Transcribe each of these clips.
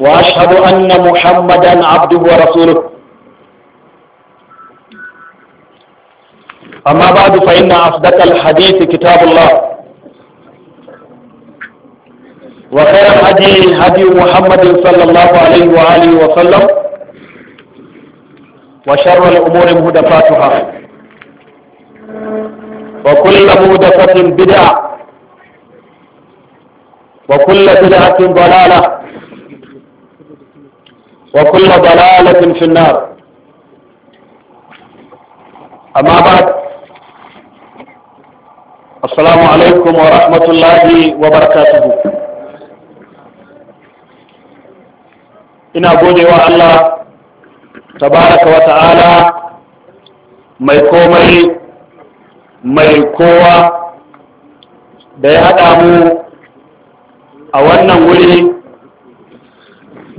وأشهد أن محمدا عبده ورسوله أما بعد فإن أصدق الحديث كتاب الله وخير الهدي هدي محمد صلى الله عليه وآله وسلم وشر الأمور مهدفاتها وكل مهدفة بدعة وكل بدعة ضلالة وكل ضلالة في النار أما بعد السلام عليكم ورحمة الله وبركاته ina godewa Allah tabaraka wa ta'ala mai komai mai kowa da ya haɗa mu a wannan wuri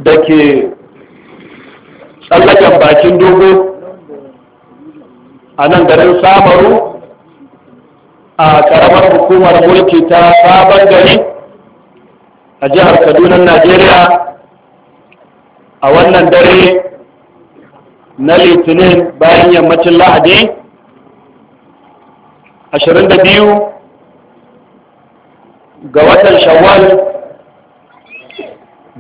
da ke tsallakan bakin dogo a nan garin samaru a karamar hukumar mulki ta sabon gari a jihar kaduna najeriya a wannan dare na litinin bayan yammacin lahadi 22 ga watan shawwal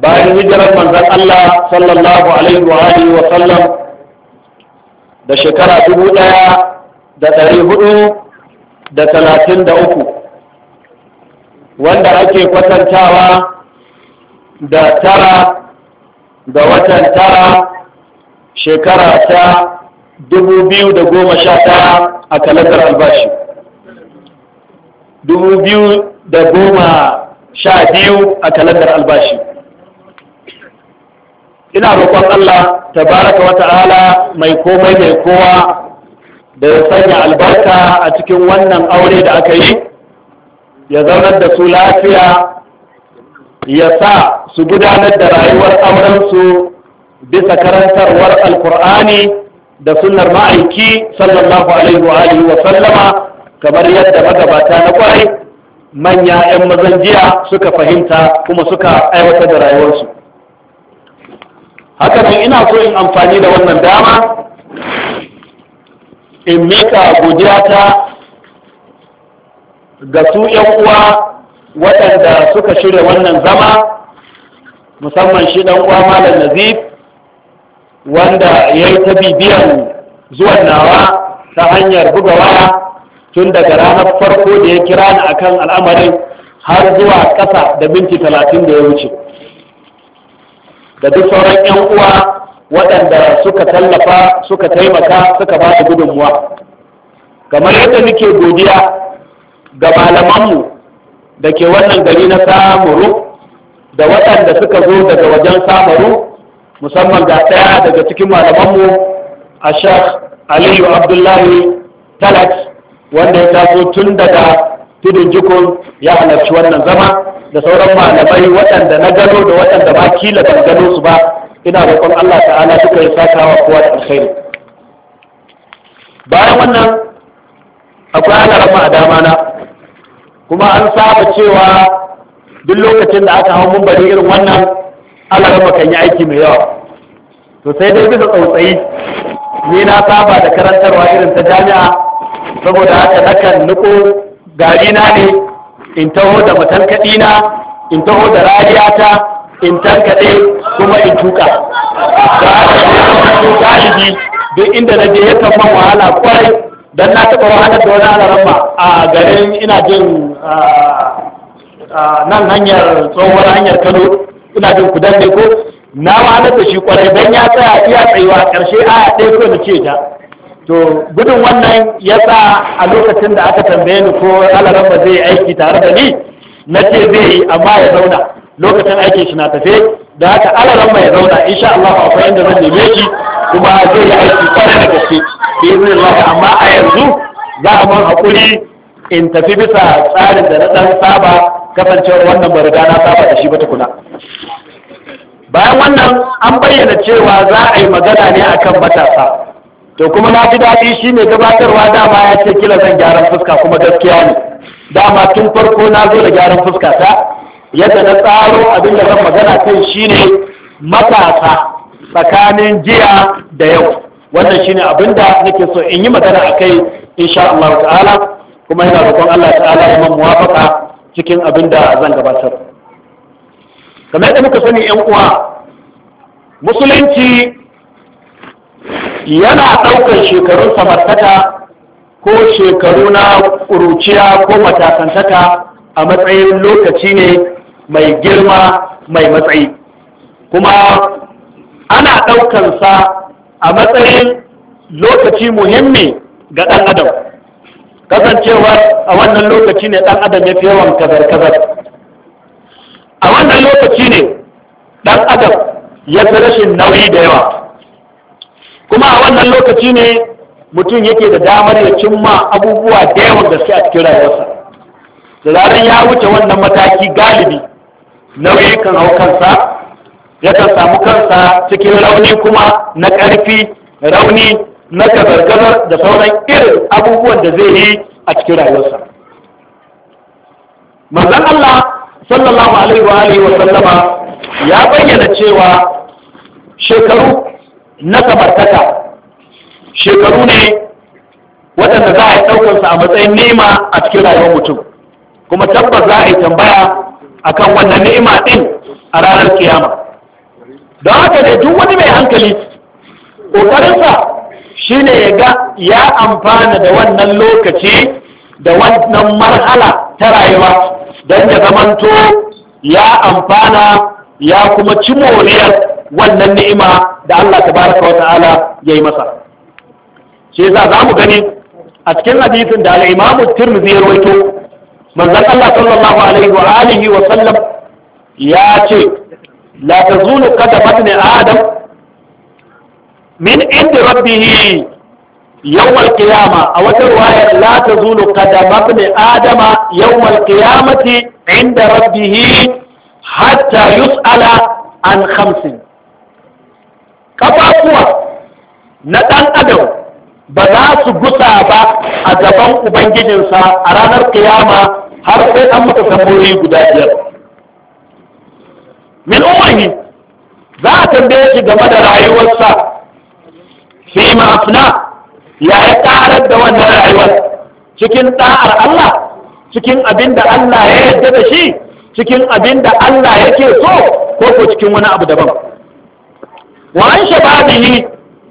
bayan hijirar manzan Allah sallallahu alaihi wa Alaihi wa sallam da shekara dubu ɗaya da ɗari hudu da talatin da uku wanda ake kwatantawa da tara da watan tara shekara ta dubu biyu da goma sha tara a kalandar albashi dubu biyu da goma sha biyu a kalandar albashi ina roƙon Allah ta baraka wa ta'ala mai komai mai kowa da ya sanya albarka a cikin wannan aure da aka yi ya zaunar da su lafiya ya sa su gudanar da rayuwar aurensu bisa karantarwar alkur'ani da sunnar ma'aiki sallallahu alaihi wa wa sallama kamar yadda magabata na kwarai manya 'yan mazan jiya suka fahimta kuma suka aiwatar da rayuwarsu haka ne ina so in amfani da wannan dama in mika godiya ta ga su yan uwa waɗanda suka shirya wannan zama musamman shi ɗan uwa malam nazif wanda ya yi ta bibiyan zuwan nawa ta hanyar bugawa, tun daga ranar farko da ya kira ni akan al'amarin har zuwa ƙasa da minti talatin da ya wuce da duk sauran 'yan uwa waɗanda suka tallafa suka taimaka suka ba da gudunmuwa kamar yadda muke godiya ga malamanmu da ke wannan gari na samuru da waɗanda suka zo daga wajen samaru musamman ga ɗaya daga cikin malamanmu a shek aliyu abdullahi talat wanda ya taso tun daga tudun jikun ya halarci wannan zama da sauran malamai waɗanda na gano da waɗanda ba kila ban gano su ba ina roƙon Allah ta'ala duka yi sakawa kowa da alkhairi bayan wannan akwai ana rama a dama na kuma an saba cewa duk lokacin da aka hau mumbari irin wannan ana rama kan yi aiki mai yawa to sai dai bisa tsautsayi ni na saba da karantarwa irin ta jami'a saboda haka nakan nuko gari na ne in taho da matankaɗi na in taho da rariyata in tankaɗe kuma in tuka galibi duk inda na je yakan man wahala kwarai don na taɓa wahalar da wani alarama a garin ina jin nan hanyar tsohuwar hanyar kano ina jin kudan ne ko na wahalar da shi kwarai don ya tsaya iya tsayuwa ƙarshe a ɗaya ko na ce ta to gudun wannan ya sa a lokacin da aka tambaye ni ko alaran ba zai aiki tare da ni na ce zai yi amma ya zauna lokacin aikin shi na tafe da haka ba ya zauna insha Allah akwai inda zan neme shi kuma zai yi aiki kwarai da gaske bi Allah amma a yanzu za a man hakuri in tafi bisa tsarin da na dan saba kasancewar wannan ba na saba da shi ba tukuna bayan wannan an bayyana cewa za a yi magana ne akan matasa to kuma na fi daɗi shi ne gabatarwa dama ya ce kila zan gyaran fuska kuma gaskiya ne dama tun farko na zo da gyaran fuska ta yadda na tsaro abin da zan magana kan shi ne matasa tsakanin jiya da yau wannan shi ne abin da nake so in yi magana a kai insha Allah ta'ala kuma yana roƙon Allah ta'ala ya man muwafaka cikin abin da zan gabatar kamar yadda muka sani yan uwa musulunci yana ɗaukar shekarun samartaka ko shekaru na ƙuruciya ko matasantaka a matsayin lokaci ne mai girma mai matsayi kuma ana ɗaukansa a matsayin lokaci muhimmi ga ɗan adam kasancewa a wannan lokaci ne ɗan adam ya fi yawan kazar-kazar a wannan lokaci ne ɗan adam ya fi rashin nauyi da yawa kuma a wannan lokaci ne mutum yake da damar ya cimma abubuwa da yawan gaske a cikin rayuwarsa da zarar ya wuce wannan mataki galibi nauyi kan hau kansa yakan samu kansa cikin rauni kuma na ƙarfi rauni na gazar da sauran irin abubuwan da zai yi a cikin rayuwarsa manzon Allah sallallahu alaihi wa wa sallama ya bayyana cewa shekaru na samartaka shekaru ne waɗanda za a yi ɗaukarsa a matsayin nema a cikin rayuwar mutum kuma tabbas za a yi tambaya a kan wannan nema ɗin a ranar kiyama don haka ne duk wani mai hankali ƙoƙarinsa ne ya ga ya amfana da wannan lokaci da wannan marhala ta rayuwa don ya zamanto ya amfana ya kuma ci moriyar wannan ni'ima da Allah tabaraka wa ta'ala yayi masa shi yasa zamu gani a cikin hadisin da al-Imam Tirmidhi ya rawaito manzon Allah sallallahu alaihi wa alihi wa sallam ya ce la tazulu qadamat ni adam min inda rabbihi yawm al-qiyamah a wata riwaya la tazulu qadamat ni adama yawm al-qiyamati inda rabbihi yus Ala an khamsin kafafuwa na ɗan adam ba za su gusa ba a gaban ubangijinsa a ranar kiyama har sai an muka tambayoyi guda biyar min umarni za a tambaye shi game da rayuwarsa fi ma'afna ya yi karar da wannan rayuwar cikin ɗa'ar Allah cikin abin da Allah ya yarda da shi cikin abin da Allah yake so ko ko cikin wani abu daban wa an shababihi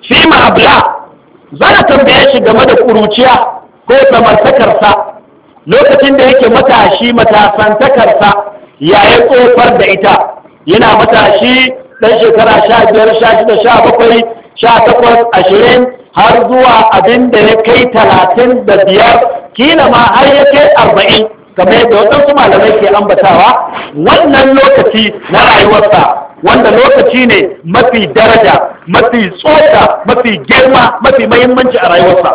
fi ma abla zan tambaye shi game da kuruciya ko samartakarsa lokacin da yake matashi matasantakarsa ya yi tsofar da ita yana matashi ɗan shekara sha biyar sha shida sha bakwai sha takwas ashirin har zuwa abin da ya kai talatin da biyar kila ma har ya kai arba'in kamar yadda waɗansu malamai ke ambatawa wannan lokaci na rayuwarsa wanda lokaci ne mafi daraja mafi tsoka mafi girma mafi mahimmanci a rayuwarsa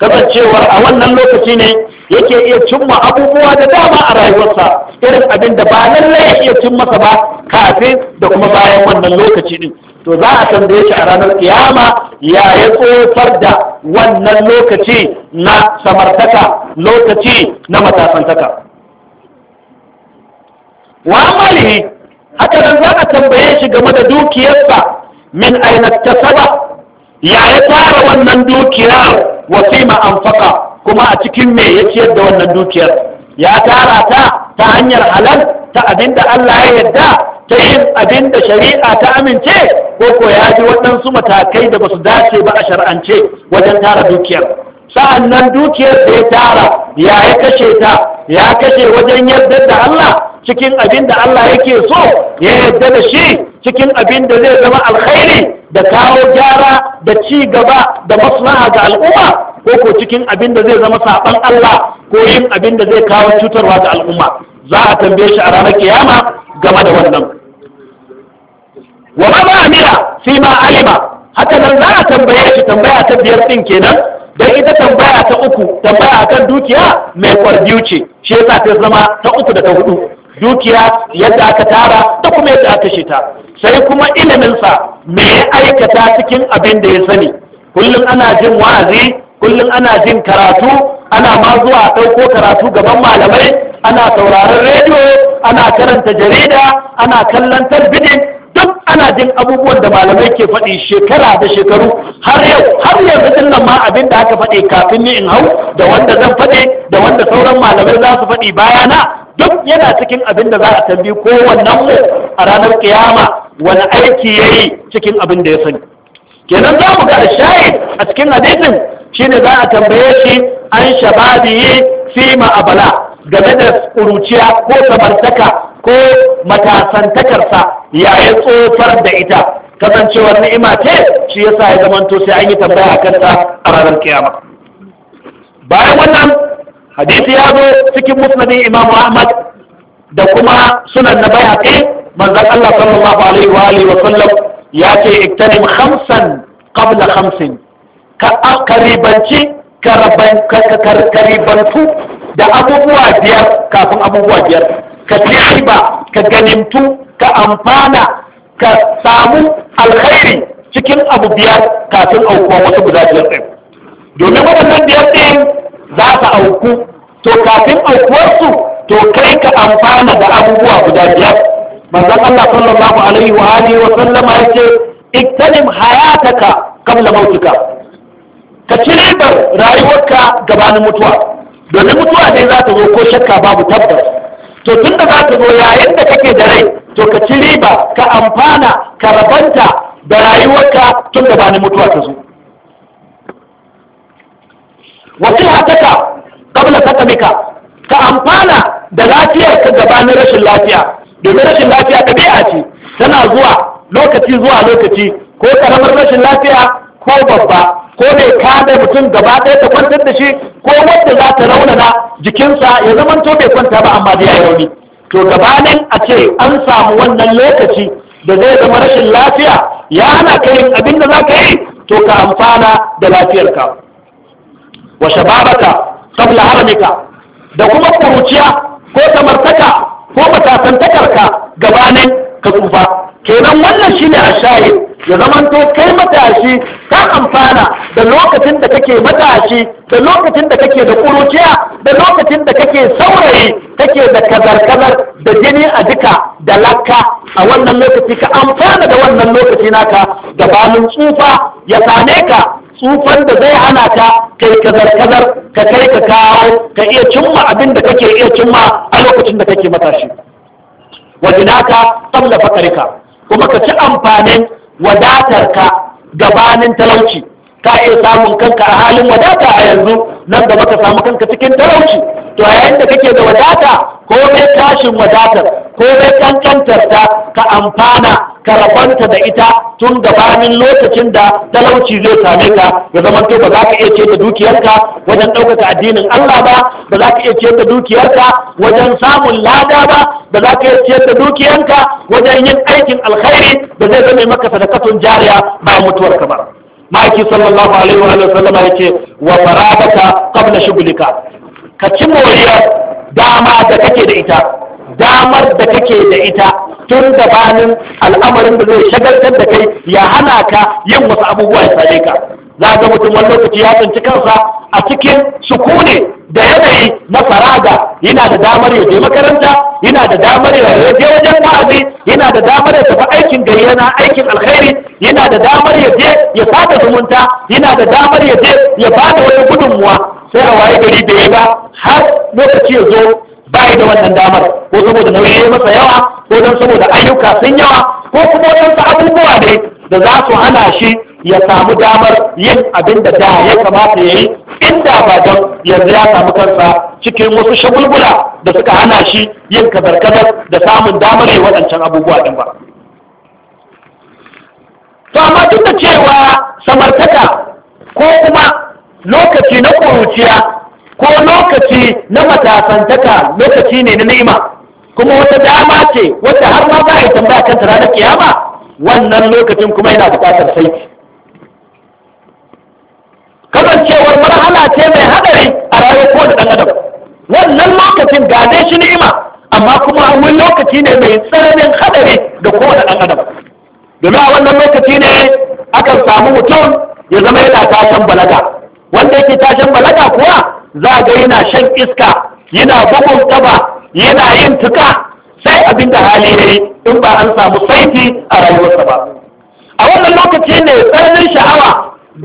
kasancewar a wannan lokaci ne yake iya cimma abubuwa da dama a rayuwarsa irin abin da ba lallai ya iya cimma masa ba kafin da kuma bayan wannan lokaci din to za a tambaye shi a ranar kiyama ya ya tsofar da wannan lokaci na samartaka lokaci na matasantaka wa malihi haka nan za a tambaye shi game da dukiyarsa min aina saba. ya ya tara wannan dukiyar wasima anfaka kuma a cikin me ya ciyar da wannan dukiyar ya tara ta ta hanyar halal ta abinda Allah ya yarda ta yin abin da shari'a ta amince ko ko ya ji waɗansu matakai da ba su dace ba a shar'ance wajen tara dukiyar sa'an dukiyar da ya tara ya ya kashe ta ya kashe wajen yarda da Allah cikin abin da Allah yake so ya yarda da shi cikin abin da zai zama alkhairi da kawo gyara da ci gaba da maslaha ga al'umma ko ko cikin abin da zai zama saban Allah ko yin abin da zai kawo cutarwa ga al'umma za a tambaye shi a ranar kiyama game da wannan wa ma amira fi ma alima haka nan za a tambaye shi tambaya ta biyar din kenan dan ita tambaya ta uku tambaya kan dukiya mai kwarbiyu ce shi yasa ta zama ta uku da ta hudu dukiya yadda aka tara da kuma yadda aka shita sai kuma iliminsa me ya aikata cikin abin da ya sani kullum ana jin wa'azi kullum ana jin karatu ana ma zuwa ɗauko karatu gaban malamai ana sauraron rediyo ana karanta jarida ana kallon talbijin duk ana jin abubuwan da malamai ke faɗi shekara da shekaru har yau har yanzu din nan ma abin da aka faɗi kafin ni in hau da wanda zan faɗi da wanda sauran malamai za su faɗi bayana duk yana cikin abin da za a tambi kowannen mu a ranar kiyama wani aiki ya yi cikin abin da ya sani kenan za mu ga shahid a cikin hadisin shine za a tambaye shi an shababi fi ma'abala game da kuruciya ko samartaka ko matasantakarsa yayin tsofar da ita kasancewar ni'ima ce shi yasa ya zamanto sai an yi tambaya a kanta a ranar kiyama bayan wannan hadisi ya zo cikin musnadin imamu ahmad da kuma sunan na bayaqi manzan Allah sallallahu alaihi wa alihi wa sallam ya ce iktanim khamsan qabla khamsin ka karibanci karibantu da abubuwa biyar kafin abubuwa biyar ka ci ka ganimtu ka amfana ka samu alkhairi cikin abu biyar kafin aukuwa wasu guda biyar ɗin domin waɗannan biyar ɗin za ka auku to kafin aukuwarsu to kai ka amfana da abubuwa guda biyar manzon Allah sallallahu alaihi wa alihi wa sallama yace iktanim hayataka qabla mautuka ka ci ribar rayuwarka gabanin mutuwa domin mutuwa ne za ta zo ko shakka babu tabbas to tun da za ta zo yayin da kake da rai to ka ci riba ka amfana ka rabanta da rayuwarka tun gabanin mutuwa ta zo wasihatuka qabla sakamika ka amfana da lafiyar ka gabanin rashin lafiya domin rashin lafiya ɗabi'a ce tana zuwa lokaci zuwa lokaci ko karamar rashin lafiya ko babba ko mai kada mutum gaba ɗaya ta kwantar da shi ko wanda za ta raunana jikinsa ya zama to bai kwanta ba amma da ya rauni to gabanin a ce an samu wannan lokaci da zai zama rashin lafiya ya na ka yin abin da za ka yi to ka amfana da lafiyarka wa shababaka qabla haramika da kuma kuruciya ko tamartaka ko matasantakarka gabanin ka tsufa kenan wannan shine ashayi ya zamanto kai matashi ka amfana da lokacin da kake matashi da lokacin da kake da kuruciya da lokacin da kake saurayi kake da kazar-kazar da jini a duka da lakka a wannan lokaci ka amfana da wannan lokaci naka gabanin tsufa ya same ka tsufan da zai hana ta kai kazar-kazar ka kai ka kawo ka iya cimma abin da kake iya cimma a lokacin da kake matashi ka tsalla fakarika kuma ka ci amfanin wadatarka gabanin talauci ka iya samun kanka a halin wadata a yanzu nan da ka samu kanka cikin talauci to a yayin da kake da wadata ko kai tashin wadatar ko kai kankantar ta ka amfana ka rabanta da ita tun gabanin lokacin da talauci zai same ka ya zama to ba za ka iya ceta dukiyarka wajen ɗaukaka addinin Allah ba ba za ka iya ceta dukiyarka wajen samun lada ba ba za ka iya ceta dukiyarka wajen yin aikin alkhairi da zai zame maka sadakatun jariya ba mutuwarka ba maki sallallahu alaihi wa sallama yace wa farabata qabla shugulika ka ci moriya dama da kake da ita damar da kake da ita tun da banin al'amarin da zai shagaltar da kai ya hana ka yin wasu abubuwa ya Na ka za ga mutum wani lokaci ya tsinci kansa a cikin sukune da yanayi na farada yana da damar ya je makaranta yana da damar ya je wajen wa'azi yana da damar ya tafi aikin gayya na aikin alkhairi yana da damar ya je ya fada zumunta yana da damar ya je ya fada wani gudunmuwa sai a waye gari da ya ba har lokaci ya zo bai da wannan damar ko saboda nauyi ya masa yawa ko don saboda ayyuka sun yawa ko kuma wadansu abubuwa ne da za su hana shi ya samu damar yin abin da da ya kamata ya yi inda ba don yanzu ya samu kansa cikin wasu shagulgula da suka hana shi yin kadar-kadar da samun damar yi waɗancan abubuwa ɗin ba to amma duk da cewa samartaka ko kuma lokaci na ƙuruciya ko lokaci na matasantaka lokaci ne na ni'ima kuma wata dama ce wata har ma za a yi tambaya kanta ranar kiyama wannan lokacin kuma yana buƙatar saiti kasancewar marhala ce mai hadari a rayuwar kowane ɗan adam wannan lokacin ga dai shi ni'ima amma kuma wani lokaci ne mai tsananin hadari da kowane ɗan adam domin a wannan lokaci ne akan samu mutum ya zama yana tashin balaga wanda yake tashin balaga kuwa za ga yana shan iska yana bugun kaba yana yin tuka sai abin da hali ne in ba an samu saiti a rayuwarsa ba a wannan lokaci ne tsananin sha'awa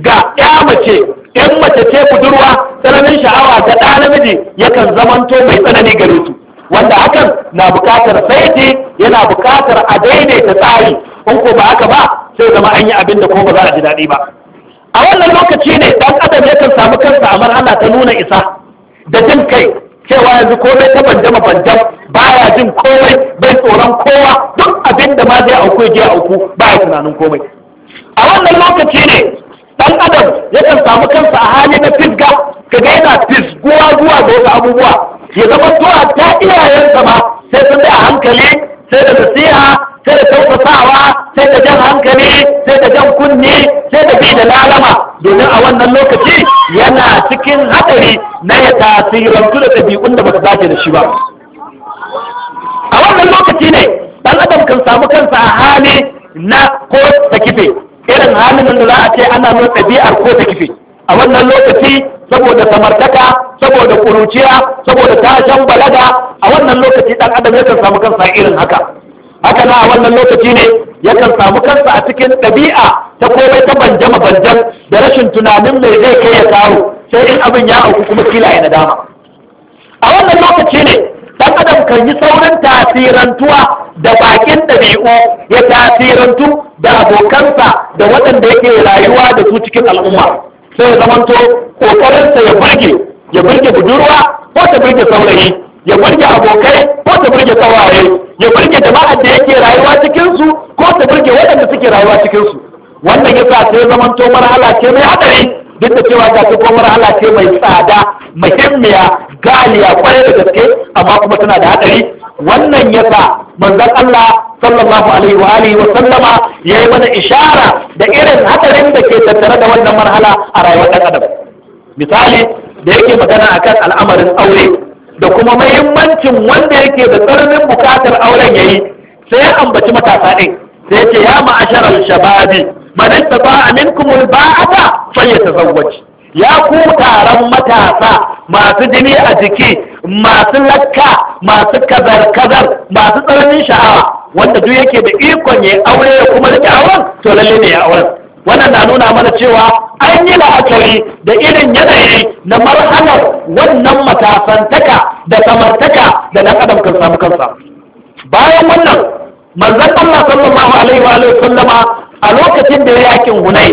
ga ya mace in mace ce budurwa tsananin sha'awa ga ɗa namiji yakan zamanto mai tsanani gare su wanda hakan na buƙatar saiti yana bukatar a daidaita tsari in ko ba haka ba sai zama an yi abin da ko ba za a ji daɗi ba a wannan lokaci ne ɗan adam yakan samu kansa a mar'ana ta nuna isa da jin kai cewa yanzu komai ta bandama bandam baya jin komai bai tsoron kowa duk abin da ma zai auku ya auku baya tunanin komai a wannan lokaci ne dan adam yakan samu kansa a hali na fisga kaga yana fisguwa zuwa ga wasu abubuwa ya zama zuwa ta iyayensa ba, sai sun a hankali sai da nasiha sai da tausasawa sai da jan hankali sai da jan kunne sai da bi da lalama domin a wannan lokaci yana cikin haɗari na ya tasirantu da ɗabi'un da ba dace da shi ba a wannan lokaci ne ɗan adam kan samu kansa a hali na ko da kife irin halin da za a ce ana nuna ɗabi'ar ko ta kife a wannan lokaci saboda samartaka saboda kuruciya saboda tashan balaga a wannan lokaci ɗan adam yakan samu kansa irin haka haka na a wannan lokaci ne yakan samu kansa a cikin ɗabi'a ta komai ta banjama banjan da rashin tunanin mai zai kai ya kawo sai in abin ya auku kuma kila ya nadama a wannan lokaci ne dan adam kan yi sauran tasirantuwa da bakin ɗabi'u ya tasirantu da abokansa da waɗanda yake rayuwa da su cikin al'umma sai ya zamanto ƙoƙarinsa ya burge ya burge budurwa ko ta burge saurayi ya burge abokai ko ta burge sauraye ya burge jama'ar da yake rayuwa cikinsu ko ta burge waɗanda suke rayuwa cikinsu wannan yasa sai ya zamanto marhala ce mai haɗari duk da cewa ta kuma Allah ce mai tsada muhimmiya galiya kwarai da gaske amma kuma tana da hadari wannan yasa manzon Allah sallallahu alaihi wa alihi wa sallama yayi mana ishara da irin hadarin da ke tattare da wannan marhala a rayuwar ɗan adam misali da yake magana akan al'amarin aure da kuma muhimmancin wanda yake da tsarin bukatar auren yayi sai ya ambaci matasa ɗin sai ya ce ya ma'asharar shababi ba ba a minkum alba'ata falyatazawwaj ya ku taron matasa masu jini a jiki masu lakka masu kazar-kazar masu tsananin sha'awa wanda duk yake da ikon ya aure ya kuma rike auren to lalle ne ya auren wannan na nuna mana cewa an yi la'akari da irin yanayi na marhalar wannan matasantaka da samartaka da na adam kan samu kansa bayan wannan manzon Allah sallallahu alaihi wa sallama a lokacin da yakin hunai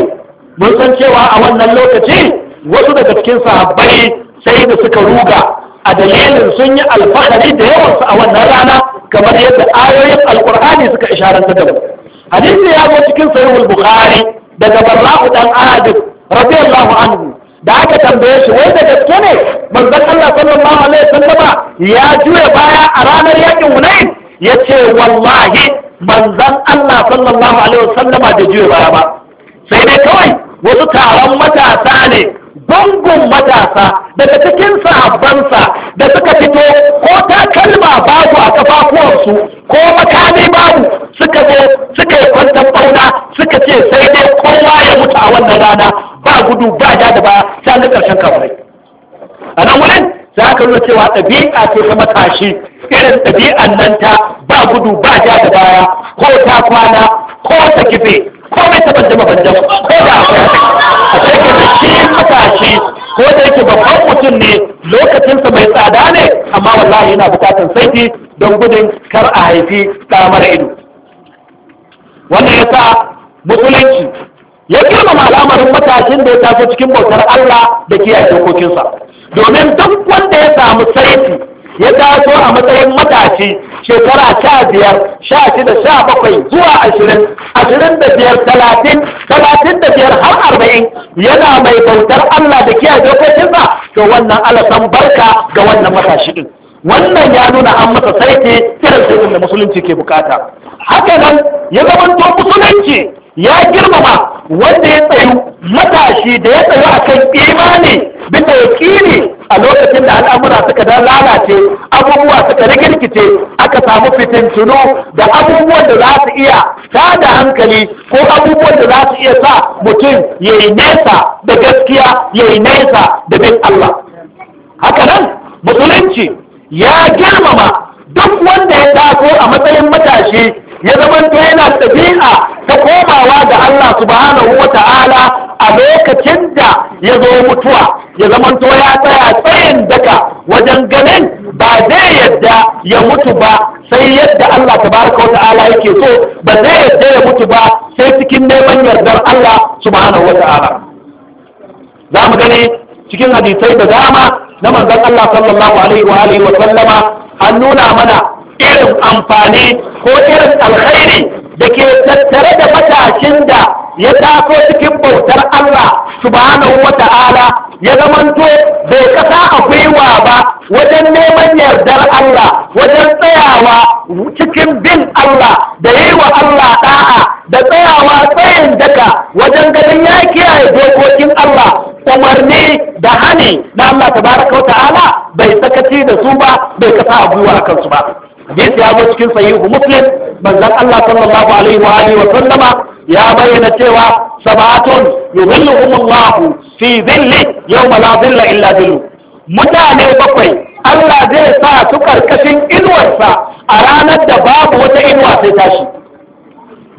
mun san cewa a wannan lokaci wasu daga cikin sahabbai sai da suka ruga a dalilin sun yi alfahari da yawansu a wannan rana kamar yadda ayoyin alkur'ani suka isharar da mu hadisi ya zo cikin sahihul bukhari daga barra'u dan adib radiyallahu anhu da aka tambaye shi wai da gaske ne manzon Allah sallallahu alaihi wasallama ya juya baya a ranar yakin ya yace wallahi manzan Allah sallallahu alaihi wasallam da juya baya ba sai dai kawai wasu taron matasa ne gungun matasa daga cikin sahabbansa da suka fito ko ta takalma babu a kafafuwarsu ko makami babu suka zo suka yi kwantar ɓauna suka ce sai dai kowa ya mutu a wannan rana ba gudu ba da da ba sai na ƙarshen a nan za ka nuna cewa ɗabi'a ce ta matashi irin ɗabi'an nan ta ba gudu ba ja da baya ko ta kwana ko ta kife ko mai ta banjama banjama ko da a cikin da shi matashi ko da yake babban mutum ne lokacinsa mai tsada ne amma wallahi yana bukatar saiti don gudun kar a haifi ɗa mara ido wannan ya sa musulunci ya girmama al'amarin matashin da ya taso cikin bautar Allah da kiyaye dokokinsa domin duk wanda ya samu saiti ya taso a matsayin matashi shekara sha biyar sha shida sha bakwai zuwa ashirin ashirin da biyar talatin talatin da biyar har arba'in yana mai bautar Allah da kiyaye dokokinsa to wannan alasan barka ga wannan matashi din wannan ya nuna an masa saiti irin saitin da musulunci ke bukata haka nan ya to musulunci ya girmama wanda ya tsayu matashi da ya tsayu kan imani bisa yaƙini a lokacin da al'amura suka dan lalace abubuwa suka rikirkice aka samu fitintuno da abubuwan da za su iya tada hankali ko abubuwan da za su iya sa mutum ya yi nesa da gaskiya ya yi nesa da bin Allah haka nan musulunci ya girmama duk wanda ya taso a matsayin matashi ya zama yana ɗabi'a ta komawa da Allah subhanahu wa ta'ala a lokacin da ya zo mutuwa ya zamanto ya tsaya tsayin daga wajen ganin ba zai yadda ya mutu ba sai yadda Allah tabaraka wa ta'ala yake so ba zai yadda ya mutu ba sai cikin neman yardar Allah subhanahu wa ta'ala za mu gani cikin hadisai da dama na manzon Allah sallallahu alaihi wa alihi wa sallama an nuna mana irin amfani ko irin alkhairi da ke tattare da matashin da ya taso cikin bautar Allah subhanahu wa ta'ala ya zamanto bai kasa a gwiwa ba wajen neman yardar Allah wajen tsayawa cikin bin Allah da yi wa Allah da'a da tsayawa tsayin daka wajen ganin ya kiyaye dokokin Allah umarni da hani na Allah tabaraka wa ta'ala bai sakaci da su ba bai kasa a gwiwa a kansu ba hadisi ya zo cikin sahihu muslim manzon Allah sallallahu alaihi wa alihi wa sallama ya bayyana cewa sabatun Allahu fi dhilli yawma la dhilla illa dhillu mutane bakwai Allah zai sa su karkashin inuwarsa a ranar da babu wata inuwa sai tashi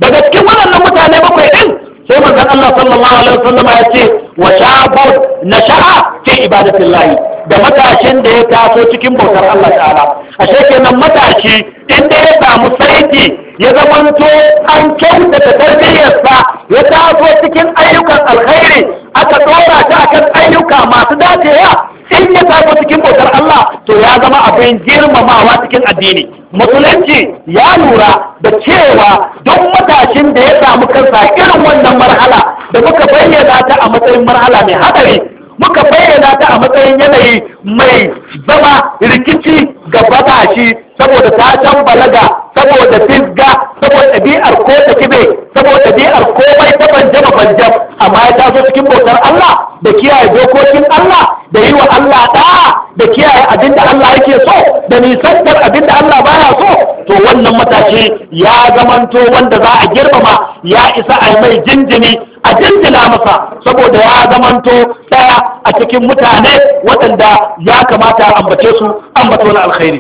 daga cikin waɗannan mutane bakwai din, sai manzon Allah sallallahu alaihi wasallam ya ce wa shabun nasha'a fi ibadatillahi da matashin da ya taso cikin bautar Allah ta'ala ashe kenan matashi inda ya samu saiti ya zamanto an kyautata tarbiyyarsa ya taso cikin ayyukan alkhairi aka dora ta kan ayyuka masu dacewa in ya taso cikin bautar Allah to ya zama abin girmamawa cikin addini musulunci ya lura da cewa duk matashin da ya samu kansa irin wannan marhala da muka bayyana ta a matsayin marhala mai hadari muka bayyana ta a matsayin yanayi mai zama rikici ga bagashi saboda ta can balaga saboda fisga saboda ɗabi'ar ko ta kibe saboda ɗabi'ar komai ta banjam banjam amma ya taso cikin bautar Allah da kiyaye dokokin Allah da yi wa Allah ɗa da kiyaye abin da Allah yake so da nisantar abin da Allah baya so to wannan matashi ya zamanto wanda za a girmama ya isa a mai jinjini a jinjina masa saboda ya zamanto ɗaya a cikin mutane waɗanda ya kamata a ambace su ambace wani alkhairi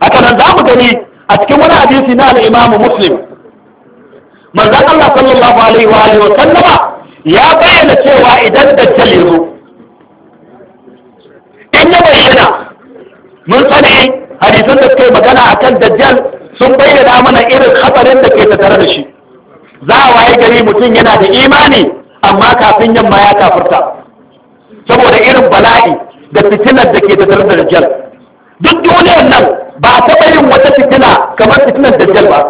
haka nan za mu gani a cikin wani hadisi na al'imamu muslim manzan Allah sallallahu alaihi wa alihi wa sallama ya bayyana cewa idan da ya in ya bayyana mun sani hadisan da suke magana akan dajjal sun bayyana mana irin hatsarin da ke tattare da shi za a waye gari mutum yana da imani amma kafin yamma ya kafurta saboda irin bala'i da fitinar da ke tattare da dajjal duk duniyar nan ba taɓa yin wata fitina kamar fitinar dajjal ba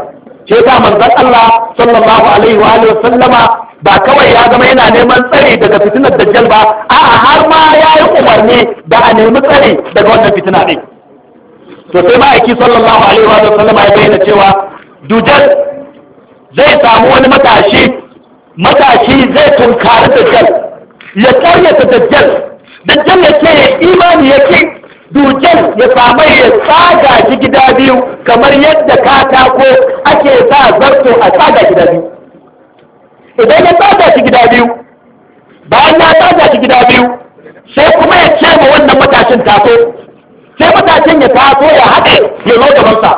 ce ta manzon Allah sallallahu alaihi wa alihi sallama ba kawai ya zama yana neman tsare daga fitinar dajjal ba a'a har ma ya yi umarni da a nemi tsare daga wannan fitina ɗin to sai ma'aiki sallallahu alaihi wa sallama ya bayyana cewa dujal zai samu wani matashi matashi zai tunkari dajjal ya karyata Da dajjal ya ke imani yake dujjal ya samu ya tsaga shi gida biyu kamar yadda katako ake sa zarto a tsaga gida biyu idan ya tsaga shi gida biyu bayan ya tsaga shi gida biyu sai kuma ya ce ma wannan matashin taso sai matashin ya taso ya haɗe ya zo gabansa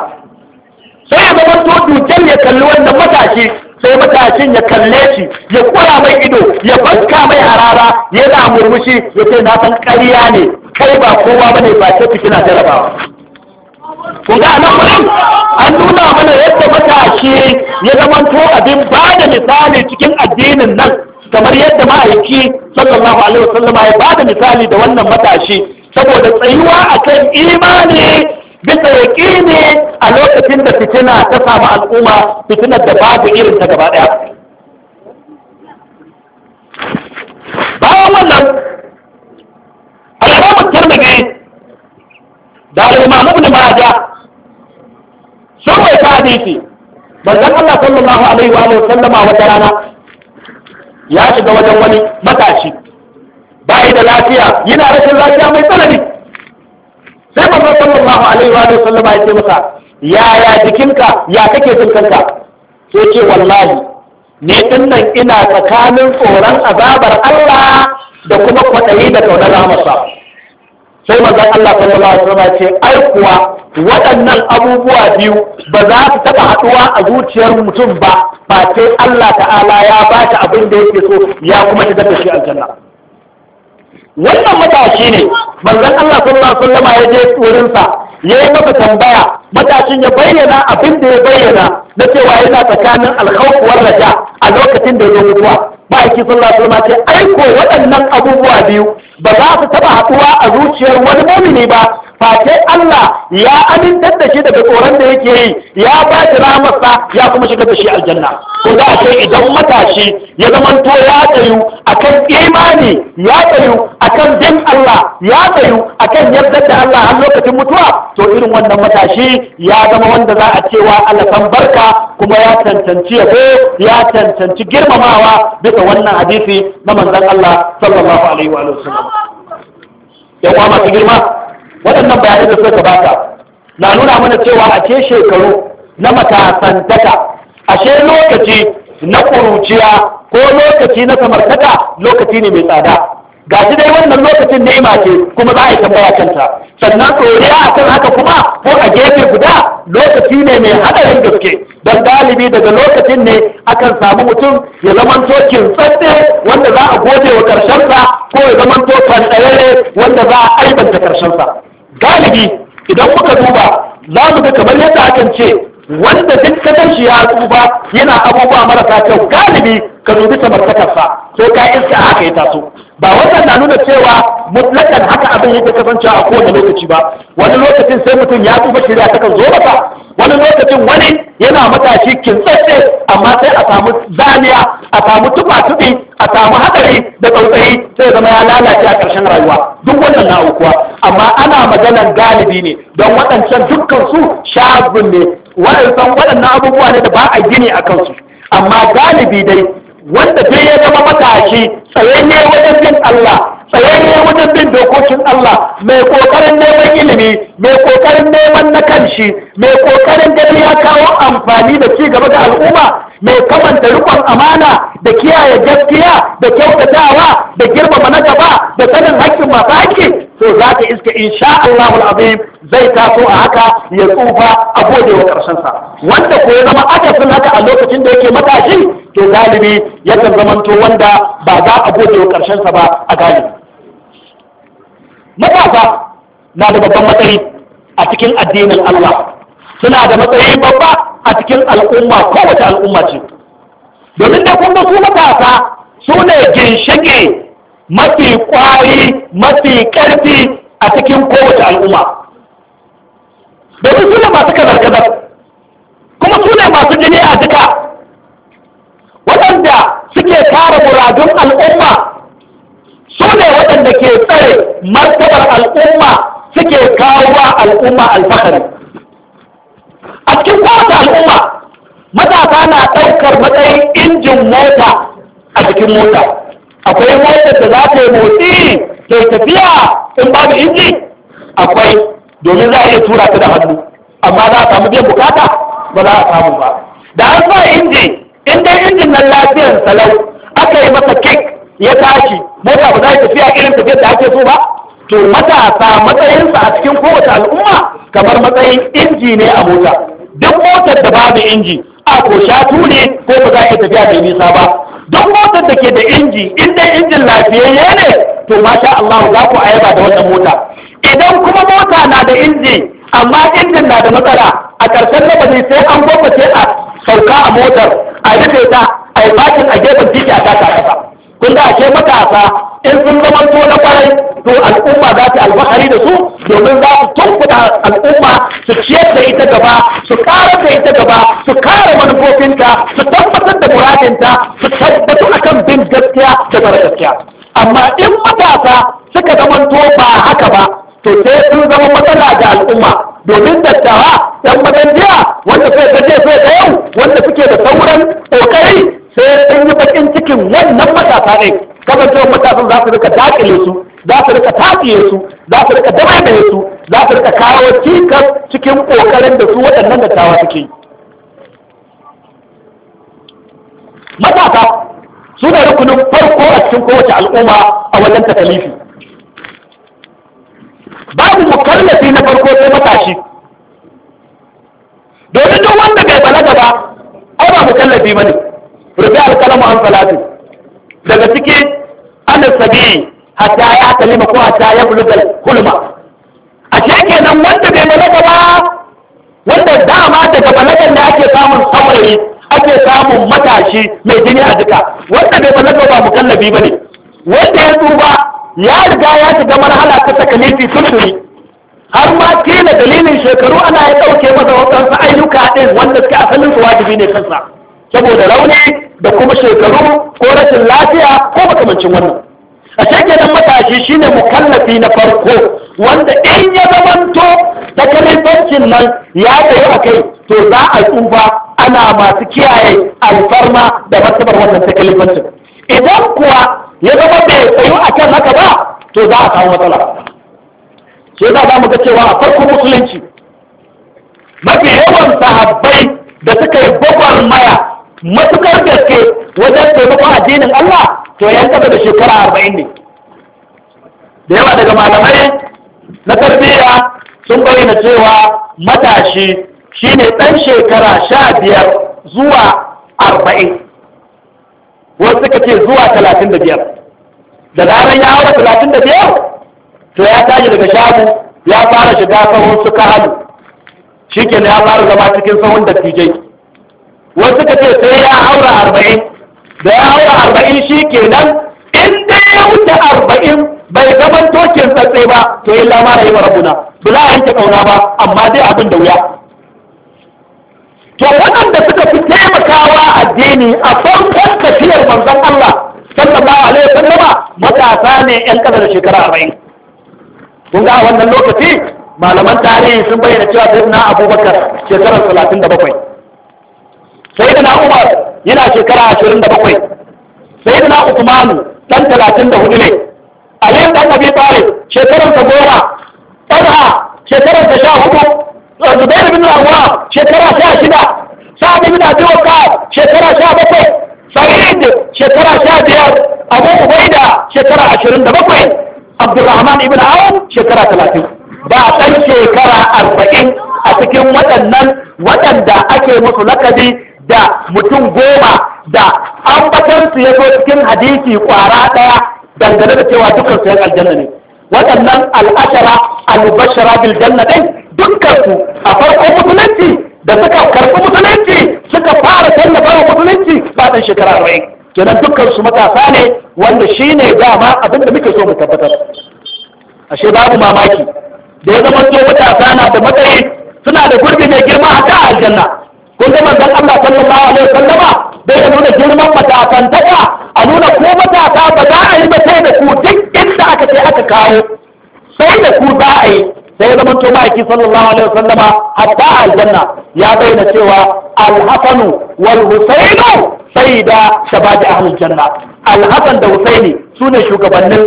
sai ya zama to ya kalli wannan matashi sai matashin ya kalle shi ya kura mai ido ya baska mai harara yana murmushi ya ce na san ƙarya ne kai ba kowa bane ba ce kina jarabawa Ku ga nan an nuna mana yadda matashi ya zama to abin ba da misali cikin addinin nan kamar yadda ma'aiki sallallahu alaihi wasallama ya ba da misali da wannan matashi saboda tsayuwa akan imani bisa ne a lokacin da fitina ta samu al'umma fitinar da babu irin ta gaba ɗaya bayan wannan al'amar tirmidhi da al'umma ibn maja sun mai ta hadisi manzon Allah sallallahu alaihi wa sallama wata rana ya shiga wajen wani matashi bai da lafiya yana rashin lafiya mai tsanani sai manzo sallallahu alaihi wa sallama ya ce masa yaya jikinka ya kake jin kanka to ce wallahi ne din nan ina tsakanin tsoron azabar Allah da kuma kwaɗayi da kaunar rahmarsa sai manzon Allah sallallahu alaihi wasallam ce ai kuwa waɗannan abubuwa biyu ba za su taɓa haɗuwa a zuciyar mutum ba ba sai Allah ta'ala ya ba ta abin da yake so ya kuma shigar da shi aljanna wannan matashi ne manzon Allah sallallahu alaihi wasallam ya je wurin ya yi masa tambaya matashin ya bayyana abin da ya bayyana na cewa yana tsakanin alkhawf raja a lokacin da ya mutuwa ba yake sallallahu alaihi wasallam ce aiko waɗannan abubuwa biyu ba za su taba haɗuwa a zuciyar wani mumini ba face Allah ya amintar da shi daga tsoron da yake yi ya ba shi ramarsa ya kuma shigar da shi aljanna ko za a ce idan matashi ya zamanto ya tsayu akan imani ya tsayu akan bin Allah ya tsayu akan yadda da Allah har lokacin mutuwa to irin wannan matashi ya zama wanda za a cewa Allah san barka kuma ya cancanci yabo ya cancanci girmamawa bisa wannan hadisi na manzon Allah sallallahu alaihi wa sallam yan masu girma waɗannan bayanai da suka gabata na nuna mana cewa a ce shekaru na matasantaka ashe lokaci na ƙuruciya ko lokaci na samartaka lokaci ne mai tsada ga shi dai wannan lokacin ni'ima ce kuma za a yi tambaya kanta sannan tsoriya a kan haka kuma ko a gefe guda lokaci ne mai haɗarin gaske don galibi daga lokacin ne akan samu mutum ya zama tokin kintsatse wanda za a goje wa sa, ko ya zama to wanda za a aibanta sa. galibi idan kuka duba za mu ga kamar yadda akan ce wanda duk ka shi ya tsufa yana abubuwa marasa kyau galibi ka dubi samartakarsa sai ka iska ka yi taso ba wannan na nuna cewa mutlakan haka abin yake kasancewa a kowane lokaci ba wani lokacin sai mutum ya tsufa shirya ta kan zo masa wani lokacin wani yana matashi kintsatse amma sai a samu zaniya a samu tufa-tufi a samu hadari da tsautsayi sai zama ya lalace a ƙarshen rayuwa duk wannan na ukuwa amma ana maganar galibi ne don waɗancan dukkan su shagun ne waɗansan waɗannan abubuwa ne da ba a gini a kansu amma galibi dai wanda dai ya zama matashi tsayayye wajen bin Allah tsayayye wajen bin dokokin Allah mai kokarin neman ilimi mai kokarin neman na kanshi mai kokarin gani ya kawo amfani da ci gaba ga al'umma mai kamanta rikon amana da kiyaye gaskiya da kyautatawa da girmama na gaba da sanin haƙƙin masu haƙƙi to za ka iska insha Allah azim zai taso a haka ya tsufa a gode wa ƙarshen sa wanda ko ya zama akasin haka a lokacin da yake matashi to galibi yakan zamanto wanda ba za a gode wa ƙarshen sa ba a galibi matasa na da babban matsayi a cikin addinin Allah suna da matsayi babba a cikin al'umma kowace al'umma ce domin da kuma su matasa su ne ginshige mafi kwari mafi ƙarfi a cikin kowace al'umma domin su ne masu kazar-kazar kuma su ne masu jini a duka waɗanda suke kare muradun al'umma su ne waɗanda ke tsare martabar al'umma suke kawo wa al'umma alfahari a cikin kowace al'umma matasa na ɗaukar matsayin injin mota a cikin mota akwai motar da za ta yi motsi ta tafiya in babu inji akwai domin za a iya tura ta da hannu amma za a samu biyan bukata ba za a samu ba da an sa inji in dai injin nan lafiyar salau aka yi masa kek ya tashi mota ba za ta tafiya irin tafiyar da ake so ba to matasa matsayinsa a cikin kowace al'umma kamar matsayin inji ne a mota duk motar da babu inji a ko shatu ne ko ba za ta tafiya da nisa ba duk motar da ke da inji in dai injin lafiyayye ne to masha Allah za ku yaba da wannan mota idan kuma mota na da inji amma injin na da matsala a ƙarshen labari sai an gwamnati a sauka a motar a rufe ta a yi bakin a gefen titi a kasa kasa kun da ake matasa in sun zama to na kwarai to al'umma za ta alfahari da su domin za su tunkuta al'umma su ciyar da ita gaba su karar da ita gaba su kara manufofinta su tabbatar da muradinta su tabbatar a kan bin gaskiya da mara gaskiya amma in matasa suka zama to ba haka ba to sai sun zama matsala ga al'umma domin dattawa yan magandiya wanda sai ta ce sai ta yau wanda suke da sauran ƙoƙari. sai sun yi bakin cikin wannan matasa ne cewa matasan za su rika daƙile su za su rika tafiye su za su rika dabaibaye su za su rika kawo cikas cikin ƙoƙarin da su waɗannan dattawa suke matasa su ne rukunin farko a cikin kowace al'umma a wajen takalifi babu mukallafi na farko sai matashi domin duk wanda bai balaga ba ai ba mukallafi ba ne rufe alkalamu an salatu daga ciki ana sabi hatta ya kalima ko hatta ya bulugal kulma a ce kenan wanda bai balaga ba wanda dama daga balagan da ake samun saurayi ake samun matashi mai jini a duka, wanda bai balaga ba mukallabi ba ne wanda ya duba ya riga ya shiga marhala ta takalifi sunturi har ma kila dalilin shekaru ana ya ɗauke masa waɗansu ayyuka ɗin wanda suke asalin su wajibi ne kansa saboda rauni da kuma shekaru ko rashin lafiya ko makamancin wannan a shekenan matashi shine mukallafi na farko wanda in ya zamanto da kalifancin nan ya tsaye a kai to za a tsufa ana masu kiyaye alfarma da martabar wannan ta idan kuwa ya zama bai tsayo a kan haka ba to za a samu matsala sai za mu ga cewa a farko musulunci mafi yawan sahabbai da suka yi gwagwarmaya matukar gaske wajen taimakon addinin Allah to ya taba da shekara arba'in ne da yawa daga malamai na tarbiyya sun bayyana cewa matashi shine ɗan shekara sha biyar zuwa arba'in wasu suka ce zuwa talatin da biyar da zaran ya haura talatin da biyar to ya tashi daga shago ya fara shiga sahun su kahalu shi ya fara zama cikin sahun dattijai wasu ka ce sai ya aura arba'in da ya aura arba'in shi kenan in dai ya wuce arba'in bai zaman tokin tsatse ba to illa ma yi rabuna ba za a yanke kauna ba amma dai abin da wuya to waɗanda suka fi taimakawa addini a farkon tafiyar manzon Allah sallallahu alaihi wasallama matasa ne yan ƙasa da shekara arba'in kun ga wannan lokaci malaman tarihi sun bayyana cewa sai abubakar shekarar talatin da bakwai sayyidina umar yana shekara ashirin da bakwai dan 34 usmanu ɗan talatin da hudu ne aliyu ɗan abi talib shekarar ta goma tsara shekarar ta sha hudu zubairu bin rawa shekara sha shida sa'ad bin abi waqas shekara sha bakwai sa'id shekara sha biyar abu ubaida shekara ashirin da bakwai abdurrahman ibn awon shekara talatin ba ɗan shekara arba'in a cikin waɗannan waɗanda ake musu lakabi da mutum goma da ambatansu ya zo cikin hadisi kwara ɗaya dangane da cewa dukkan su aljanna ne waɗannan al'ashara al'ubashara bashara bil dukkan su a farko musulunci da suka karɓi musulunci suka fara tallafawa musulunci ba ɗan shekara arba'in kenan dukkan su matasa ne wanda shi ne dama abin da muke so mu tabbatar ashe babu mamaki da ya zama matasa na da matsayi suna da gurbi mai girma a ta aljanna ko ga manzon Allah sallallahu alaihi wasallam bai da nuna girman matakantaka a nuna ko matasa ba za a yi ba sai da ku duk inda aka ce aka kawo sai da ku za a yi sai ya zama tuba aiki sallallahu alaihi wasallam hatta aljanna ya bayyana cewa al-hasan wal husainu sai da shabaji janna janna hasan da husaini sune shugabannin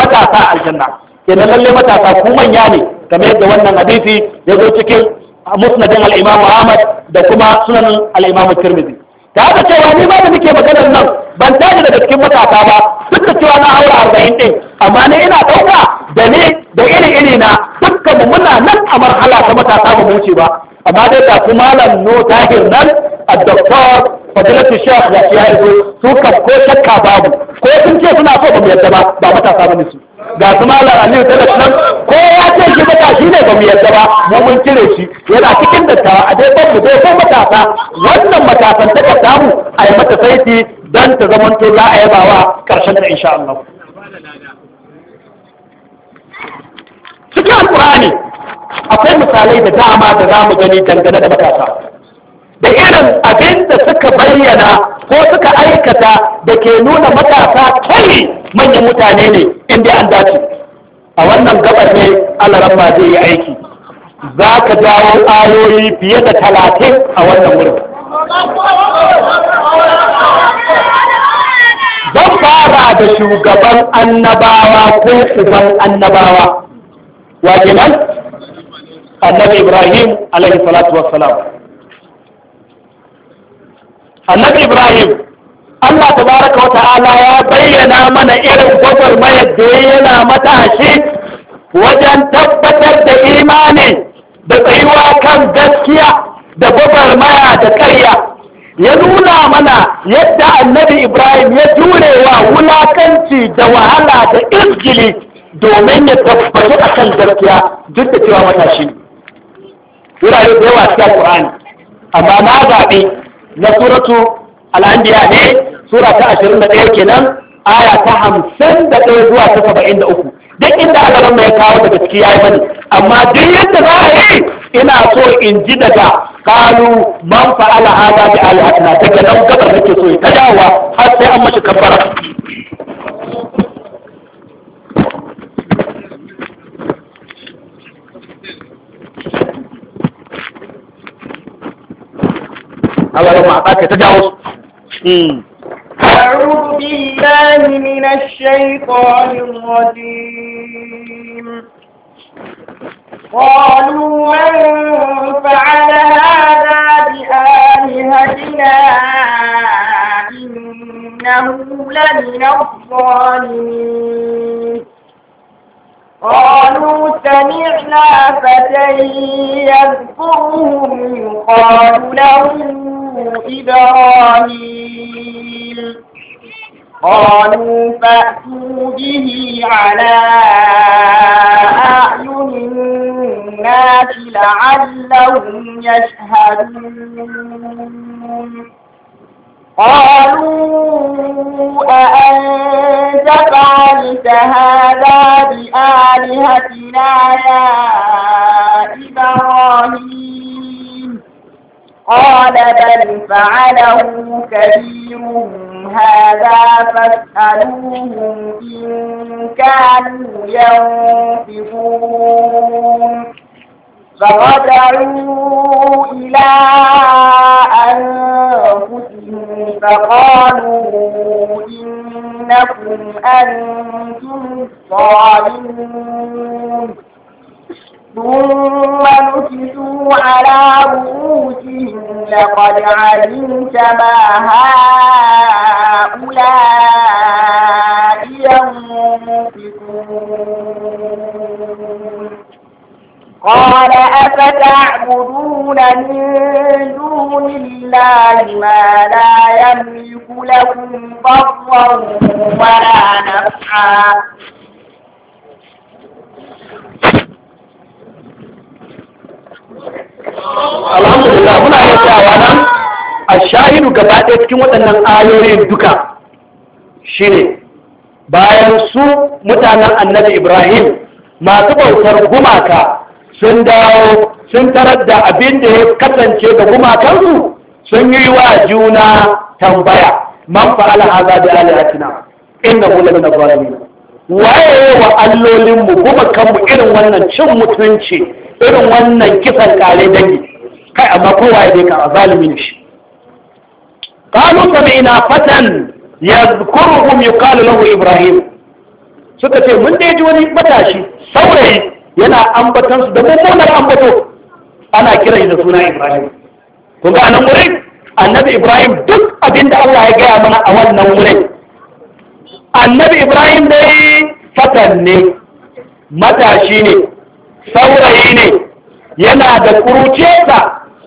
matasa aljanna kenan lalle matasa ku manya ne kamar yadda wannan hadisi ya zo cikin musnadin al-imam Ahmad da kuma sunan al-imam Tirmidhi da haka cewa ni ba da nake maganar nan ban tashi daga cikin matasa ba duk da cewa na haura arba'in ɗin amma ne ina ɗauka da ne da iri iri na dukkan muna nan a marhala ta matasa mu muce ba amma dai ta su malam no tahir nan a doktor fadilatu shekh ya shi su ka ko shakka babu ko sun ce suna so ba mu yadda ba ba matasa ba su ga su ta aliyu nan, ko ya ce shi baka shi ne ba mu yadda ba mu mun kire shi yana cikin dattawa a dai ban dai ko matasa wannan matasan ta samu a yi mata saiti don ta zamanto za a yabawa karshen da insha Allah cikin Alƙur'ani, akwai misalai da dama da za mu gani dangane da matasa da irin abin da suka bayyana ko suka aikata da ke nuna matasa kai manyan mutane ne in dai an dace a wannan gabar ne Allah zai yi aiki za ka jawo ayoyi fiye da talatin a wannan wurin zan fara da shugaban annabawa ko shugaban annabawa wa nan, annabi ibrahim alaihi salatu wassalam annabi ibrahim Allah tabaraka wa ta'ala ya bayyana mana irin mayar da yana matashi wajen tabbatar da imani da tsayuwa kan gaskiya da maya da karya ya nuna mana yadda annabi ibrahim ya wa wulakanci da wahala da ingili domin ya tabbaci a kan gaskiya duk da cewa matashi yau da yawa cikin qur'ani amma na zaɓi na suratu al'anbiya ne sura ta ashirin da ɗaya kenan aya ta hamsin da ɗaya zuwa ta saba'in da uku duk inda alamar mai ya kawo daga ciki ya yi mani amma duk yadda za a yi ina so in ji daga kalu man fa'ala hada bi Ta daga nan gabar nake so ya dawowa har sai an mashi kabbara Allah ya ma ta dawo. Hmm. أعوذ بالله من الشيطان الرجيم قالوا من فعل هذا بآلهتنا إنه لمن الظالمين قالوا سمعنا فتى يذكرهم يقال له إبراهيم قالوا فأتوا به على أعين الناس لعلهم يشهدون قالوا أأنت فعلت هذا بآلهتنا يا إبراهيم قال بل فعله كبيرهم هذا فاسألوهم إن كانوا ينفقون فرجعوا إلى أنفسهم فقالوا إنكم أنتم الظالمون ثم نكسوا على رؤوسهم لقد علمت ما هؤلاء ينفقون قال أفتعبدون من دون الله ما لا يملك لكم ضرا ولا نفعا Alhamdulillah muna iya tsayawa nan a shahidu gaba ɗaya cikin waɗannan ayoyin duka shine bayan su mutanen annabi Ibrahim masu bautar gumaka sun dawo sun tarar da abin da ya kasance da gumakansu sun yi wa juna tambaya man fa'ala haza bi alihatina inna hu lamina zalimin waye wa allolin mu kuma kanmu irin wannan cin mutunci irin wannan kisan kare dangi kai amma kowa ya ka zalimin shi qalu sami'na fatan yadhkuruhum yuqalu lahu ibrahim suka ce mun dai ji wani matashi saurayi yana ambatan su da ambato ana kiran da suna Ibrahim kun ga nan wurin annabi Ibrahim duk abin da Allah ya gaya mana a wannan wurin annabi Ibrahim dai fatan ne matashi ne saurayi ne yana da kuruciyarsa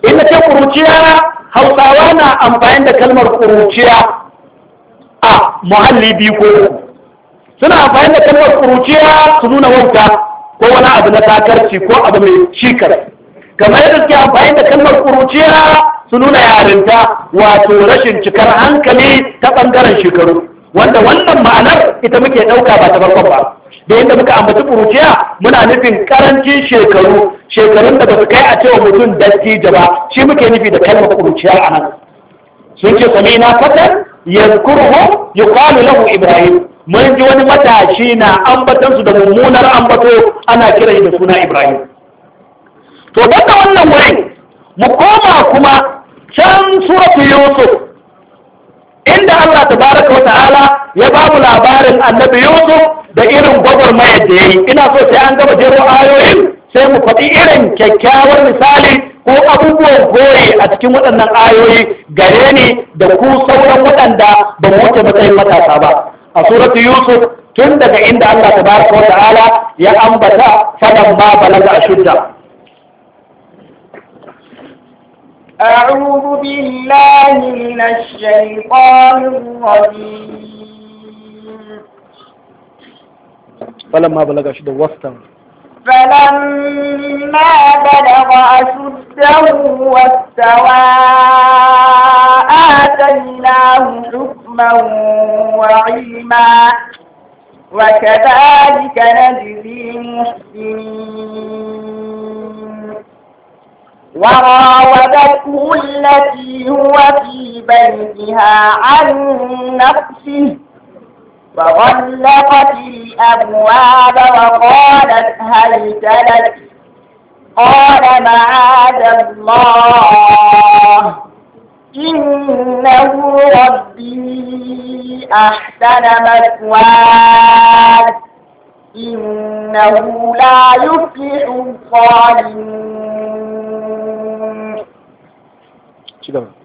ina ce kuruciya hausawa na amfani da kalmar kuruciya a muhalli biyu ko suna amfani da kalmar kuruciya su nuna wauta ko wani abu na takarci ko abu mai cikar kamar yadda suke amfani da kalmar kuruciya su nuna yarinta wato rashin cikar hankali ta ɓangaren shekaru wanda wannan ma'anar ita muke ɗauka ba ta farkon ba da yadda muka ambaci kuruciya muna nufin karancin shekaru shekarun da basu kai a cewa mutum dattijo ba shi muke nufi da kalmar kuruciya a nan sun ce sami na fatan yankurhu yuqalu lahu ibrahim mun ji wani matashi na ambatansu da mummunar ambato ana shi da suna ibrahim to daga wannan wurin mu koma kuma can suratu yusuf inda allah tabaraka wa ta'ala ya ba mu labarin annabi yusuf da irin gwagwarmayar da ya yi ina so sai an gaba jero ayoyin sai mu faɗi irin kyakkyawar misali ko abubuwan goye a cikin waɗannan ayoyi gare ni da ku sauran waɗanda ba mu wuce matsayin matasa ba a suratu yusuf tun daga inda Allah tabaraka wa ta'ala ya ambata fadan ma balaga ashudda أعوذ بالله من الشيطان الرجيم فلما بلغ أشده واستوى فلما بلغ أشده واستوى آتيناه حكما وعلما وكذلك نجزي المحسنين وراودته التي هو في بيتها عن نفسه فغلقت الأبواب وقالت هل لك قال معاذ الله إنه ربي أحسن مثواه إنه لا يفلح الظالمون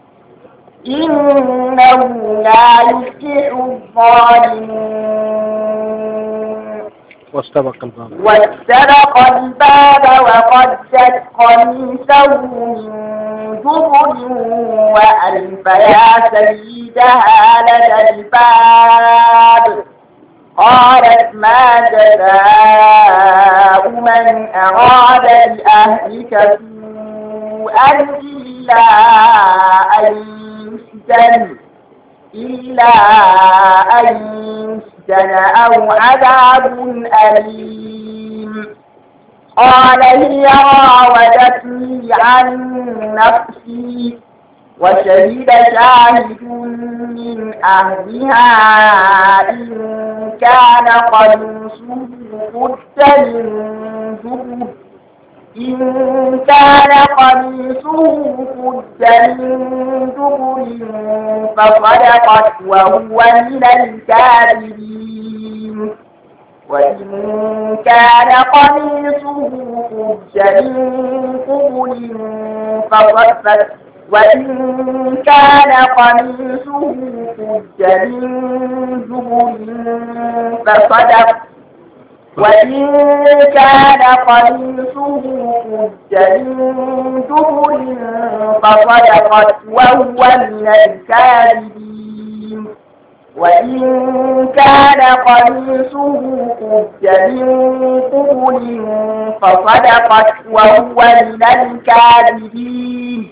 إنه لا يفلح الظالمون واستبق الباب واستبق الباب وقدت قميصه من دبر وألف يا سيدها لدى الباب قالت ما جزاء من أراد بأهلك سوءا إلا أن جدا إلا أن يسجن أو عذاب أليم قال هي راودتني عن نفسي وشهد شاهد من أهلها إن كان قميصه قد من ذهب إن كان قميصه قد من دبر فصدقت وهو من الكاذبين وإن كان قميصه قد من قبل فصدقت وإن كان قميصه قد من دبر فصدقت وإن كان قميصه قد من دبر فصدقت وهو من الكاذبين وإن كان قميصه قد من قبل فصدقت وهو من الكاذبين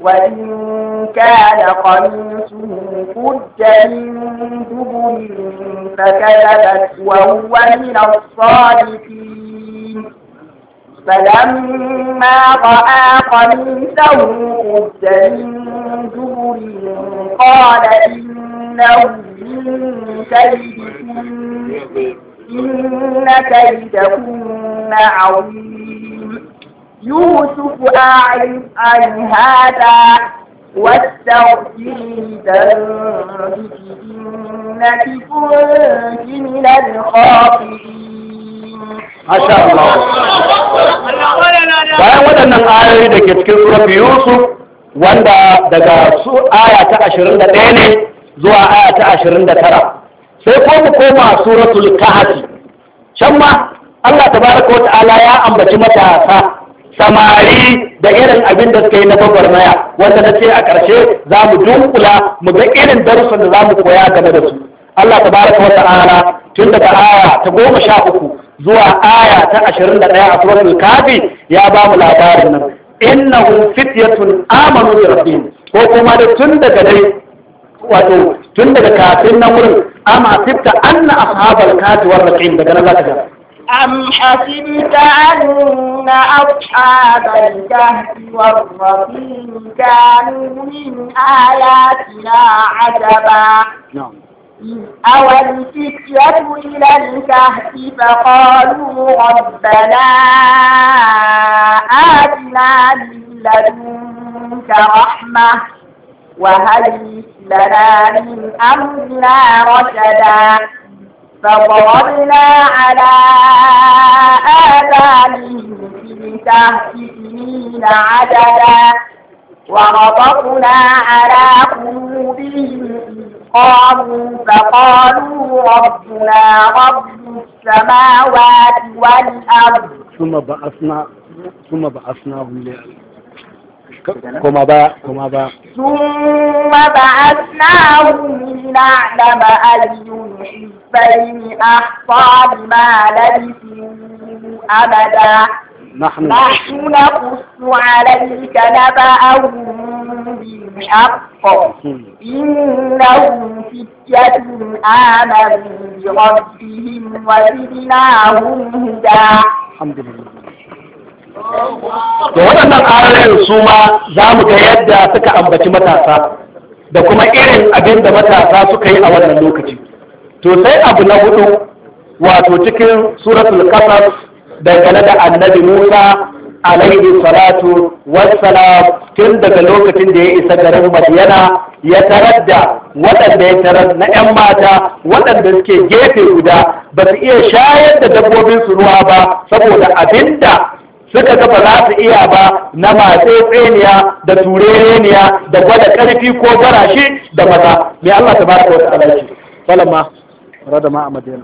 وإن كان قميصه قد من دبر فكذبت وهو من الصادقين فلما رأى قميصه قد من دبر قال إنه من كيدكن إن كيدكن عظيم يوسف أعرف عن هذا واستغفري ذنبك إنك كنت من الخاطئين ما شاء الله bayan waɗannan ayoyi da ke cikin surat yusuf wanda daga su aya ta ɗaya ne zuwa aya ta tara, sai ko mu koma suratul kahfi can ma Allah tabaraka wa ta'ala ya ambaci matasa samari da irin abin da suka yi na gwagwarmaya wanda na ce a ƙarshe za mu dunkula mu ga irin darussan da za mu koya game da su Allah ta baraka wa ta'ala tun daga aya ta goma sha uku zuwa aya ta ashirin da ɗaya a suratul kafi ya ba mu labarin nan innahu fityatun amanu bi rabbihim ko kuma da tun daga dai wato tun daga kafin na wurin amma fitta anna ashabal kafi war raqim daga nan za ka ga أم حسبت أن أصحاب الكهف والرقيم كانوا من آياتنا عجبا نعم أوى الفتية إلى الكهف فقالوا ربنا آتنا من لدنك رحمة وهيئ لنا من أمرنا رشدا فضربنا على آذانهم في تهج سنين عددا وربطنا على قلوبهم قالوا فقالوا ربنا رب السماوات والأرض ثم بعثنا ثم بعثناهم لأرض كما با كما با ثم بعثناهم لنعلم أي الحزبين أحصى بما لبثوا أبدا نحن نحن نقص عليك نبأهم بالحق إنهم فتية آمنوا بربهم وزدناهم هدى الحمد لله da waɗannan ayoyin su ma za mu ga yadda suka ambaci matasa da kuma irin abin da matasa suka yi a wannan lokaci to sai abu na hudu wato cikin suratul qasas dangane da annabi Musa alaihi salatu wassalam tun daga lokacin da ya isa garin Madiyana ya tarar da waɗanda ya tarar na 'yan mata waɗanda suke gefe guda ba su iya shayar da dabbobin su ruwa ba saboda abinda suka kafa za su iya ba na masu tseniya da tureniya da gwada karfi ko garashi da maza mai Allah ta baraka wa ta'ala ce falamma radama a madina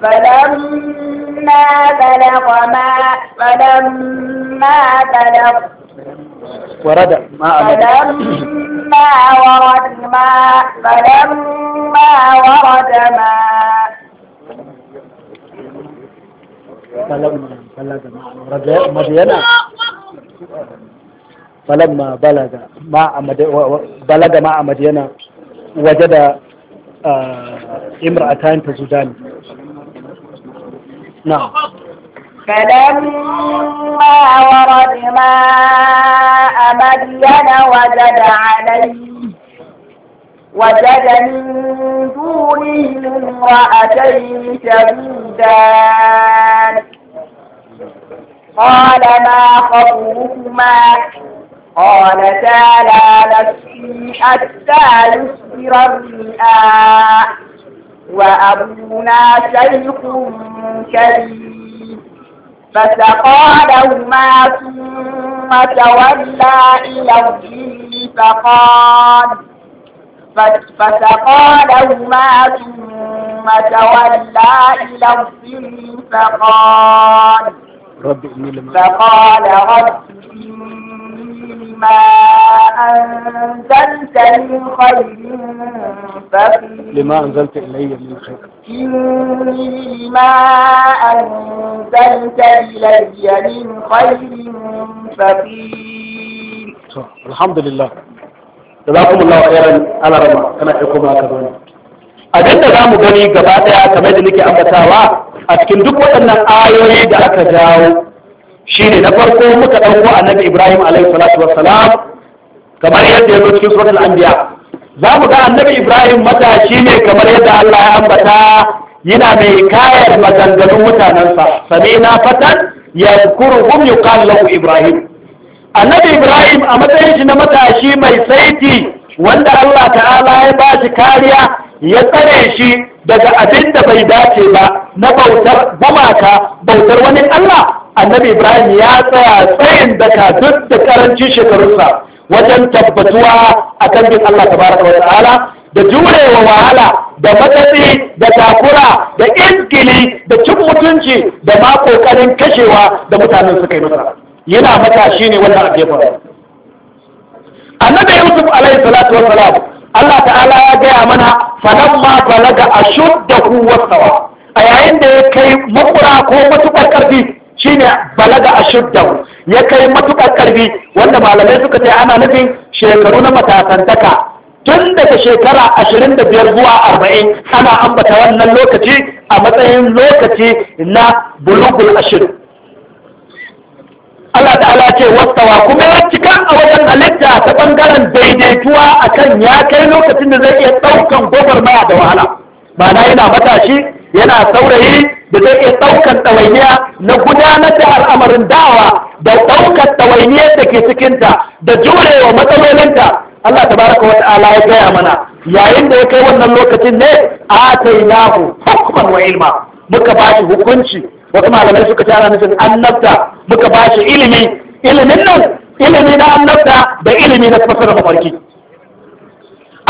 فلما بلغ ma فلما بلغ ورد ما فلما ورد ما فلما ورد ما falamma balaga ma a madiyana waje da imra ta zudani na فلما ورد ماء مدين وجد عليه وجد من دونه امرأتين شديدان قال ما خطبكما قالتا لا نسقي حتى يسكر الرئاء وأبونا شيخ كبير فسقى لهما ثم تولى إلى الجن فقال فتقال لهما ثم تولى إلى الظل فقال فقال رب ما أنزلت من خير لما أنزلت إلي من خير إني لما أنزلت إلي من خير فقير الحمد لله da za kuma lawa yaran alarma kana aiko ba ka bani abin da za mu gani gaba daya kamar da nake ambatawa a cikin duk waɗannan ayoyi da aka jawo shine na farko muka ɗauko annabi ibrahim alaihi salatu wassalam kamar yadda ya zo cikin suratul anbiya za mu ga annabi ibrahim matashi ne kamar yadda allah ya ambata yana mai kayar maganganun mutanensa sami na fatan ya kuruhum yuqal lahu ibrahim annabi ibrahim a matsayin shi na matashi mai saiti wanda allah ta'ala ya ba shi kariya ya tsare shi daga abin da bai dace ba na bautar gumaka bautar wani allah annabi ibrahim ya tsaya tsayin daga duk da karancin shekarunsa wajen tabbatuwa a kan bin allah tabaraka wa ta'ala da jurewa wahala da matsatsi da takura da ingili da cin mutunci da ma kokarin kashewa da mutanen suka yi masa yana shi ne wannan a gefen annabi yusuf alayhi salatu wa salam Allah ta'ala ya gaya mana falamma balaga ashuddahu sawa a yayin da ya kai makura ko matukar karfi shine balaga ashuddahu ya kai matukar karfi wanda malamai suka ce ana nufin shekaru na matasantaka tun daga shekara ashirin da biyar zuwa arba'in ana ambata wannan lokaci a matsayin lokaci na bulugul ashirin Allah ta'ala ce wastawa kuma ya cika a wajen halitta ta bangaren daidaituwa a kan ya kai lokacin da zai iya ɗaukan gwagwarmaya da wahala Mana yana matashi yana saurayi da zai iya ɗaukan ɗawainiya na gudanar da al'amarin dawa da ɗaukar ɗawainiyar da ke cikinta da jurewa matsalolinta Allah ta baraka wa ta'ala ya gaya mana yayin da ya kai wannan lokacin ne a ta yi nahu hukuman wa ilma muka ba shi hukunci wasu malamai suka tara nufin annabta muka ba shi ilimi ilimin nan ilimi na annabta da ilimi na fasara mafarki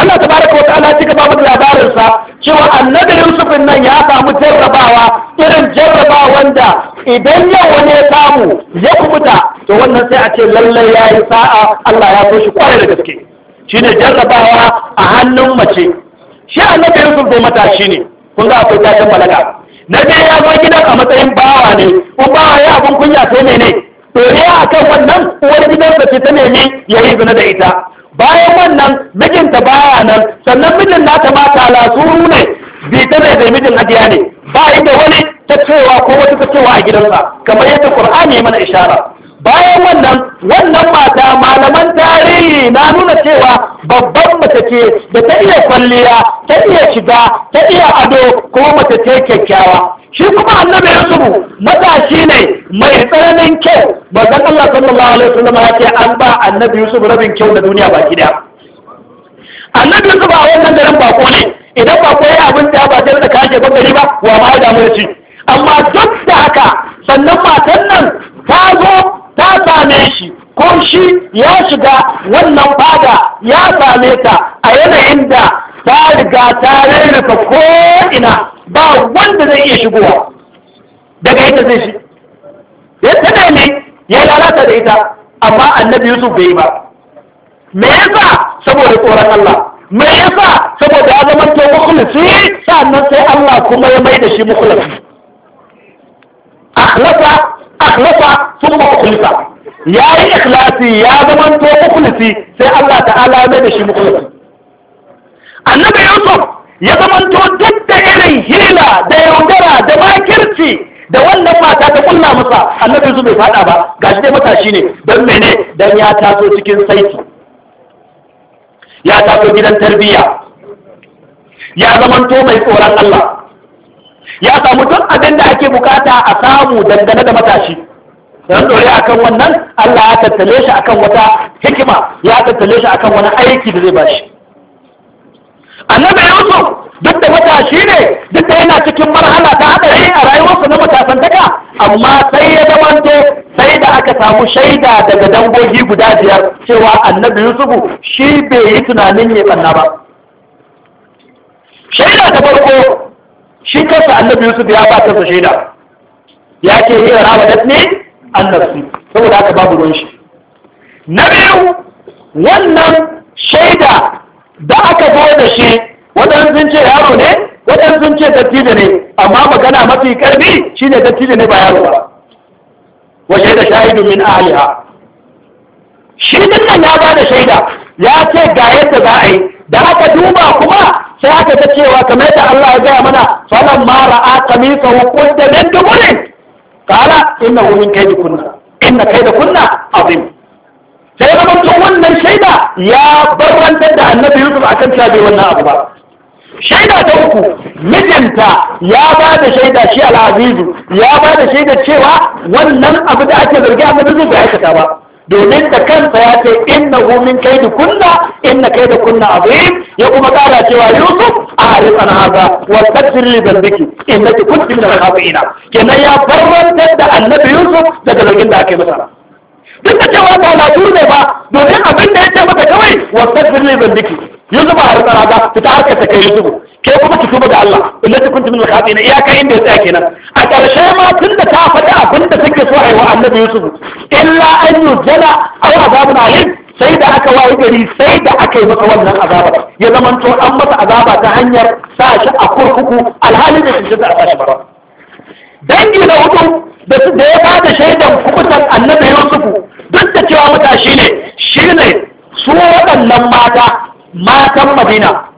Allah ta baraka wa ta'ala cika ba mu labarin sa cewa annabi Yusuf nan ya samu jarrabawa irin jarrabawa wanda idan yau wani ya samu ya kubuta to wannan sai a ce lallai yi sa'a Allah ya so shi kwarai da gaske shine jarrabawa a hannun mace shi annabi Yusuf dai matashi ne kun ga akwai tashin malaka na je ya zo gidan a matsayin bawa ne ko bawa ya abin kunya to ne ne to ne a kan wannan uwar da ce ta nemi ya yi zina da ita bayan wannan mijinta baya nan sannan mijin nata mata lasuru ne bi ta da mijin ajiya ne ba yi da wani ta cewa ko wata ta cewa a gidansa kamar yadda qur'ani mana ishara bayan wannan wannan mata malaman tarihi na nuna cewa babban mace ce da ta iya kwalliya ta iya shiga ta iya ado kuma mace ce kyakkyawa shi kuma annabi ya zubu matashi ne mai tsananin kyau zan Allah sallallahu alaihi wasallam ya ce an ba annabi yusuf rabin kyau da duniya baki daya annabi yusuf a wannan garin bako ne idan bako ya abin da ba tare da ba gari ba wa ma ya damu shi amma duk da haka sannan matan nan ta zo ta same shi ko shi ya shiga wannan fada ya same ta a yanayin da ta riga ta rarrafa ko ina ba wanda zai iya shigowa daga ita zai shi ya tana ne ya lalata da ita amma annabi yusuf bai ba me yasa saboda tsoron Allah me yasa saboda ya zama to mukhlisi sannan sai Allah kuma ya mai da shi mukhlisi akhlasa akhlasa thumma ukhlisa yayi ikhlasi ya zama to mukhlisi sai Allah ta'ala ya da shi mukhlisi annabi Yusuf ya zama to duk da irin hila da yaudara da makirci da wannan mata ta kulla masa annabi Yusuf bai fada ba gashi dai matashi ne dan mene dan ya taso cikin saiti ya taso gidan tarbiyya ya zama to mai tsoron Allah ya samu duk abin da ake bukata a samu dangane da matashi dan dore akan wannan Allah ya tattale shi akan wata hikima ya tattale shi akan wani aiki da zai bashi annabi Yusuf duk da matashi ne duk da yana cikin marhala ta hadari a rayuwarsa na matasan taka, amma sai ya zamanto sai da aka samu shaida daga dangogi guda biyar cewa annabi Yusuf shi bai yi tunanin ya tsanna ba shaida ta farko shi kansa annabi yusuf ya ba kansa shaida ya ke yi rawa da ne annabci saboda aka babu ruwan shi na biyu wannan shaida da aka zo da shi waɗansu sun ce yaro ne waɗansu sun ce dattijo ne amma magana mafi karfi shine dattijo ne ba yaro ba wa shaida shahidu min ahliha shi nan ya ba da shaida ya ce ga yadda za a yi da aka duba kuma sai aka ta cewa kamar da Allah ya gaya mana falan ma ra'a kamisa wa qulta lan tubulin qala innahu min kaydi kunna inna kayda kunna azim sai zama to wannan shaida ya barrantar da annabi Yusuf akan cewa bai wannan abu ba shaida ta uku mijinta ya ba da shaida shi al-azizu ya ba da shaida cewa wannan abu da ake zargi annabi Yusuf bai aikata ba domin da kansa ya ce inna min kai da kunna inna kai da kunna azim ya kuma kara cewa yusuf a harifan haza wa tafsir li zambiki inna ki kunti min al-khafina kenan ya barrantar da annabi yusuf daga zargin da ake masa duk da cewa ba labu ne ba domin abin da ya ce masa kawai wa tafsir li zambiki yusuf a harifan haza fita harkar ta kai yusuf ke kuma ki tuba da Allah inna ki kunti min al-khafina iyaka inda ya tsaya kenan a ƙarshe ma tun da ta faɗi abin da take so a yi wa annabi yusuf illa an yujjala aw azabun alim sai da aka wayi gari sai da aka yi masa wannan azaba ya zamanto an masa azaba ta hanyar sa shi a kurkuku alhalin da shi da aka ba dangi na hudu da su da ya ba da shaidan kubutan annabi yusufu duk da cewa matashi ne shine su waɗannan mata matan madina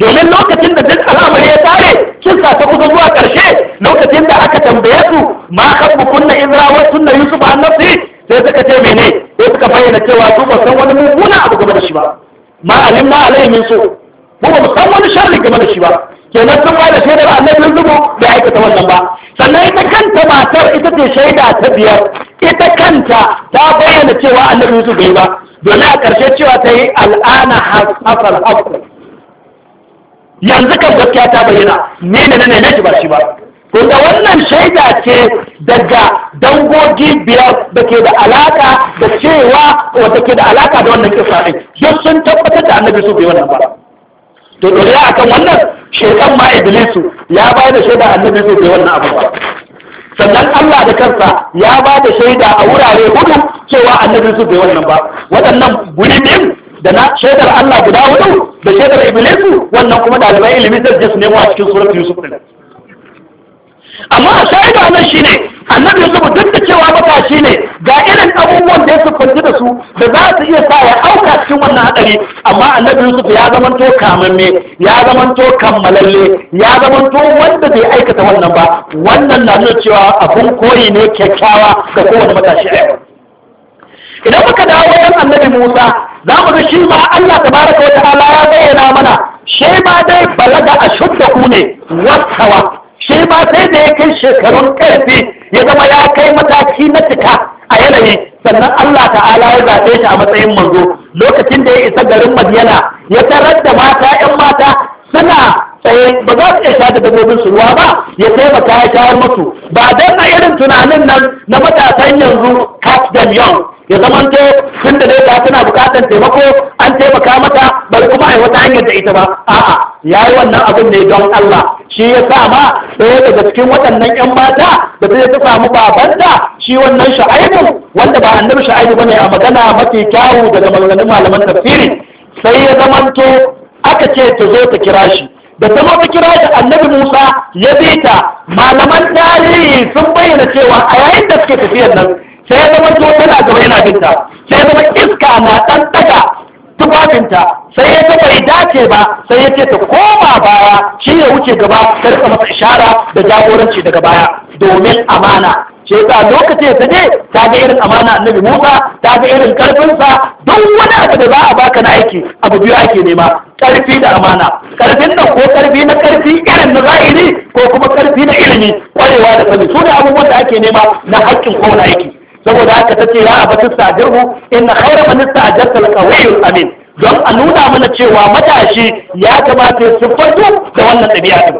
domin lokacin da duk al'amari ya tare sun sa ta kusa zuwa ƙarshe lokacin da aka tambaye su ma kan bukunna izrawar sunna yusuf an nafsi sai suka ce mene sai suka bayyana cewa su ba san wani mummuna abu game da shi ba ma alim ma alai min su mu ba san wani sharri game da shi ba kenan sun bada shaidar annabi yusuf bai aikata wannan ba sannan ita kanta matar ita ce shaida ta biyar ita kanta ta bayyana cewa annabi yusuf bai ba domin a ƙarshe cewa ta yi al'ana hasafal yanzu kan gaskiya ta bayyana ne ne ne ne ba shi ba to da wannan shaida ce daga dangogi biyar da ke da alaka da cewa wata ke da alaka da wannan kisa ne duk sun tabbatar da annabi su bai wannan ba to dole a kan wannan shekan ma iblisu ya bayar da shaida annabi su bai wannan abu ba sannan Allah da kansa ya ba da shaida a wurare hudu cewa annabi su bai wannan ba waɗannan guri da na shaidar Allah guda hudu da shaidar iblisu wannan kuma ɗalibai ilimi zai je su nemo a cikin suratul yusuf din amma a shaida nan shine annabi yusuf duk da cewa matashi ne ga irin abubuwan da ya siffanci da su da za su iya sa ya auka cikin wannan hadari amma annabi yusuf ya zamanto kamanne ya zamanto kammalalle ya zamanto wanda bai aikata wannan ba wannan na nuna cewa abun koyi ne kyakkyawa ga kowane matashi a idan muka dawo wajen annabi musa za mu ga shi ma Allah tabaraka wa ta'ala ya bayyana mana shi ma dai balaga a ku ne wasawa shi ma sai da ya kai shekarun karfi ya zama ya kai mataki na cika a yanayi sannan Allah ta'ala ya zaɓe shi a matsayin manzo lokacin da ya isa garin Madiyana ya tarar da mata 'yan mata suna tsaye ba za su iya sha da dabbobin su ruwa ba ya taimaka ya shayar musu ba don a irin tunanin nan na matasan yanzu catch young ya zamanto tun da dai tana bukatar taimako an taimaka mata bar kuma ai wata hanyar da ita ba a'a yayi wannan abin ne don Allah shi ya sa ma ɗaya daga cikin waɗannan ƴan mata da zai ta samu babanta shi wannan sha'aibu wanda ba annabi sha'aibu bane a magana mafi kyawu daga maganganun malaman tafsiri sai ya zamanto aka ce ta zo ta kira shi da ta ta kira shi annabi Musa ya bi ta malaman tarihi sun bayyana cewa a yayin da suke tafiyar nan sai ya zama to na gaba yana binta sai ya zama iska na ɗan daga tufafinta sai ya zama bai dace ba sai ya ce ta koma baya shi ya wuce gaba ta rika masa ishara da jagoranci daga baya domin amana ce ta lokacin ta ne ta ga irin amana annabi Musa ta ga irin karfinsa duk wani abu da za a baka na aiki abu biyu ake nema karfi da amana karfin nan ko karfi na karfi irin na zahiri ko kuma karfi na ilimi kwarewa da sani su ne abubuwan da ake nema na hakkin kowane aiki saboda haka tace ya abatu stajirhu inna khayra man istajarta laqawiyul amin don a nuna mana cewa matashi ya kamata ya siffanto da wannan ɗabi'a ɗin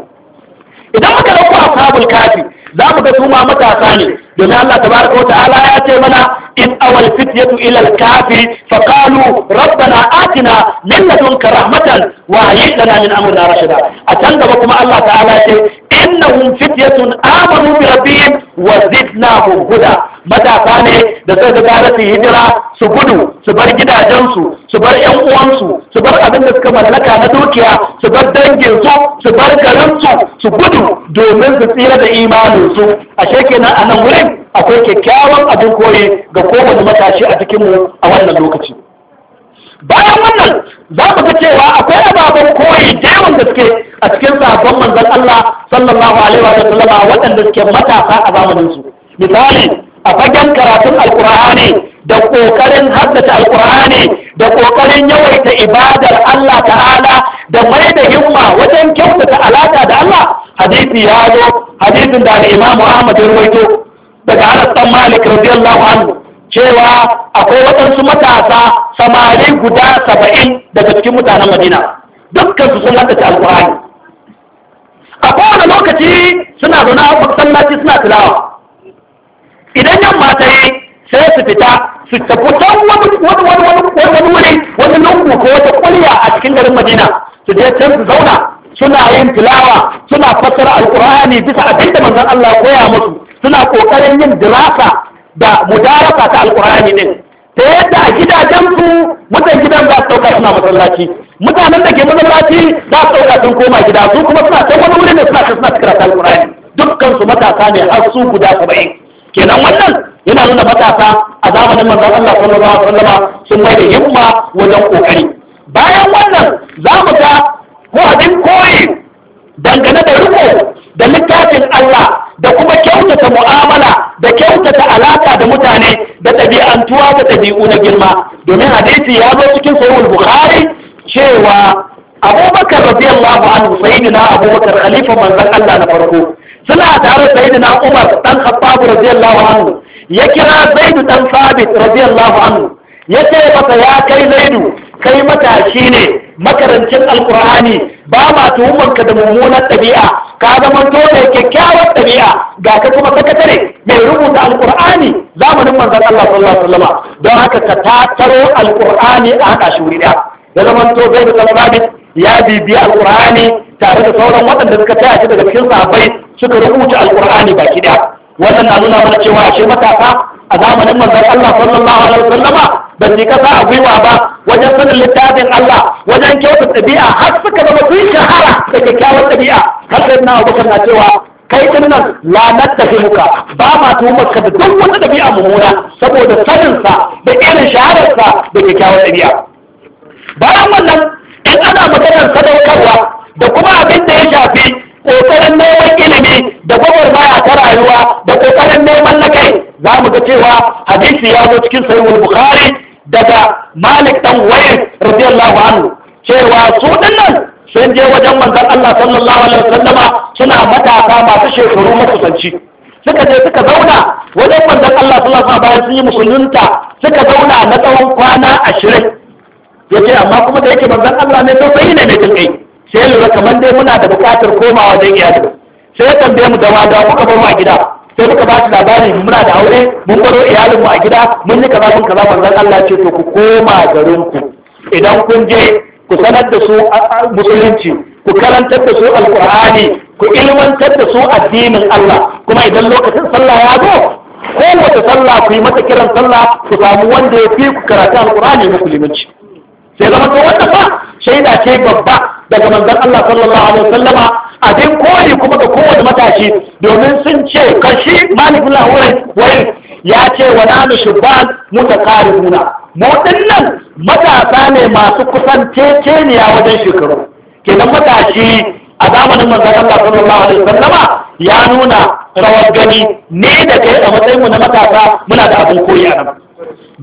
idan muka dauko ashabul kafi za mu ga su ma matasa ne domin Allah tabaraka Ta'ala ya ce mana in awal fityatu ila al-kafi fa qalu rabbana atina min ladunka rahmatan wa hayyi lana min amrina rashada a can gaba kuma Allah ta'ala ya ce innahum fityatun amanu bi rabbihim wa zidnahum huda matasa ne da sai da gane su hijira su gudu su bar gidajensu su bar yan uwansu su bar abin da suka mallaka na dukiya su bar danginsu su bar garinsu su gudu domin su tsira da su a kenan a nan wurin akwai kyakkyawan abin koyi ga kowane matashi a mu a wannan lokaci bayan wannan za mu ga cewa akwai ababen koyi da yawan gaske a cikin sabon manzon Allah sallallahu alaihi wa sallama waɗanda suke matasa a zamaninsu misali a fagen karatun alkur'ani da ƙoƙarin haddata alkur'ani da ƙoƙarin yawaita ibadar Allah ta'ala da mai da himma wajen kyautata alaka da Allah hadisi ya zo hadisin da Imam Ahmad ya rawaito daga Anas bin Malik radiyallahu anhu cewa akwai waɗansu matasa samari guda saba'in daga cikin mutanen Madina dukkan su sun haddace alkur'ani a kowane lokaci suna zaune a masallaci suna tilawa idan yamma ta sai su fita su tafi can wani wuri wani lungu ko wata kulya a cikin garin madina su je can su zauna suna yin tilawa suna fassara alkur'ani bisa abin da manzon Allah koya musu suna kokarin yin dirasa da mudarasa ta alkur'ani din ta yadda a gidajen su mutan gidan za su dauka suna masallaci mutanen da ke masallaci za su dauka sun koma gida su kuma suna can wani wuri ne suna suna karanta alkur'ani dukkan su matasa ne har su guda saba'in kenan wannan yana nuna matasa a zamanin manzon Allah sallallahu alaihi wasallam sun bai da himma wajen kokari bayan wannan za mu ga ko abin koyi dangane da riko da littafin Allah da kuma kyautata mu'amala da kyautata alaka da mutane da ɗabi'antuwa da ɗabi'u na girma domin hadisi ya zo cikin sahihul bukhari cewa abubakar radiyallahu anhu sayyidina abubakar khalifa manzan Allah na farko suna tare da na Umar dan Khattab radiyallahu anhu ya kira zaidu dan Sabit radiyallahu anhu ya ce masa ya kai Zaidu kai matashi ne makarancin alkur'ani ba ma tuhumanka da mummunar ɗabi'a ka zama to kyakkyawar ɗabi'a ga ka kuma sakatare mai rubuta alkur'ani zamanin manzon Allah sallallahu alaihi wasallam don haka ka tattaro alkur'ani a haka shi wuri da zama to Zaidu dan Sabit ya bibiya alkur'ani tare da sauran waɗanda suka taya shi daga cikin sabai suka rubuta alkur'ani baki daya wannan na nuna mana cewa ashe matasa a zamanin manzon Allah sallallahu alaihi wasallama ba su kasa a gwiwa ba wajen sanin littafin Allah wajen kyautar ɗabi'a har suka zama sun shahara da kyakkyawar ɗabi'a har sai na Abubakar na cewa kai din nan lanar da muka ba ma tuhumarka da duk wata ɗabi'a mummuna saboda sa da irin shahararsa da kyakkyawar ɗabi'a bayan wannan in ana maganar sadaukarwa da kuma abin da ya shafi Kokarin neman ilimi da baya ta rayuwa da kokarin neman na kai za mu ga cewa hadisi ya zo cikin sahihul bukhari daga malik dan waye radiyallahu anhu cewa su dinnan sun je wajen manzon Allah sallallahu alaihi wasallama suna matasa masu shekaru makusanci suka je suka zauna wajen manzon Allah sallallahu alaihi sun yi musulunta suka zauna na tsawon kwana ashirin yace amma kuma da yake manzon Allah ne sai ne mai kai sai lura kamar dai muna da bukatar komawa wajen iyali sai ya tambaye mu da wanda kuka bar mu a gida sai muka ba su labarin muna da aure mun baro iyalin mu a gida mun yi kaza mun kaza manzon Allah ce to ku koma garin ku idan kun je ku sanar da su musulunci ku karantar da su alqur'ani ku ilmantar da su addinin Allah kuma idan lokacin sallah ya zo ko kowace sallah ku yi mata kiran sallah ku samu wanda ya fi ku karatu alqur'ani musulunci sai zama to wanda fa shaida ce babba daga manzon Allah sallallahu alaihi wasallama abin koyi kuma ga kowane matashi domin sun ce kashi malik bin wai ya ce wa nanu shubban mutaqaribuna mu dinnan matasa ne masu kusan tekeniya wajen shekaru kenan matashi a zamanin manzon Allah sallallahu alaihi wasallama ya nuna rawar gani ne da kai a matsayin mu na matasa muna da abin koyi a nan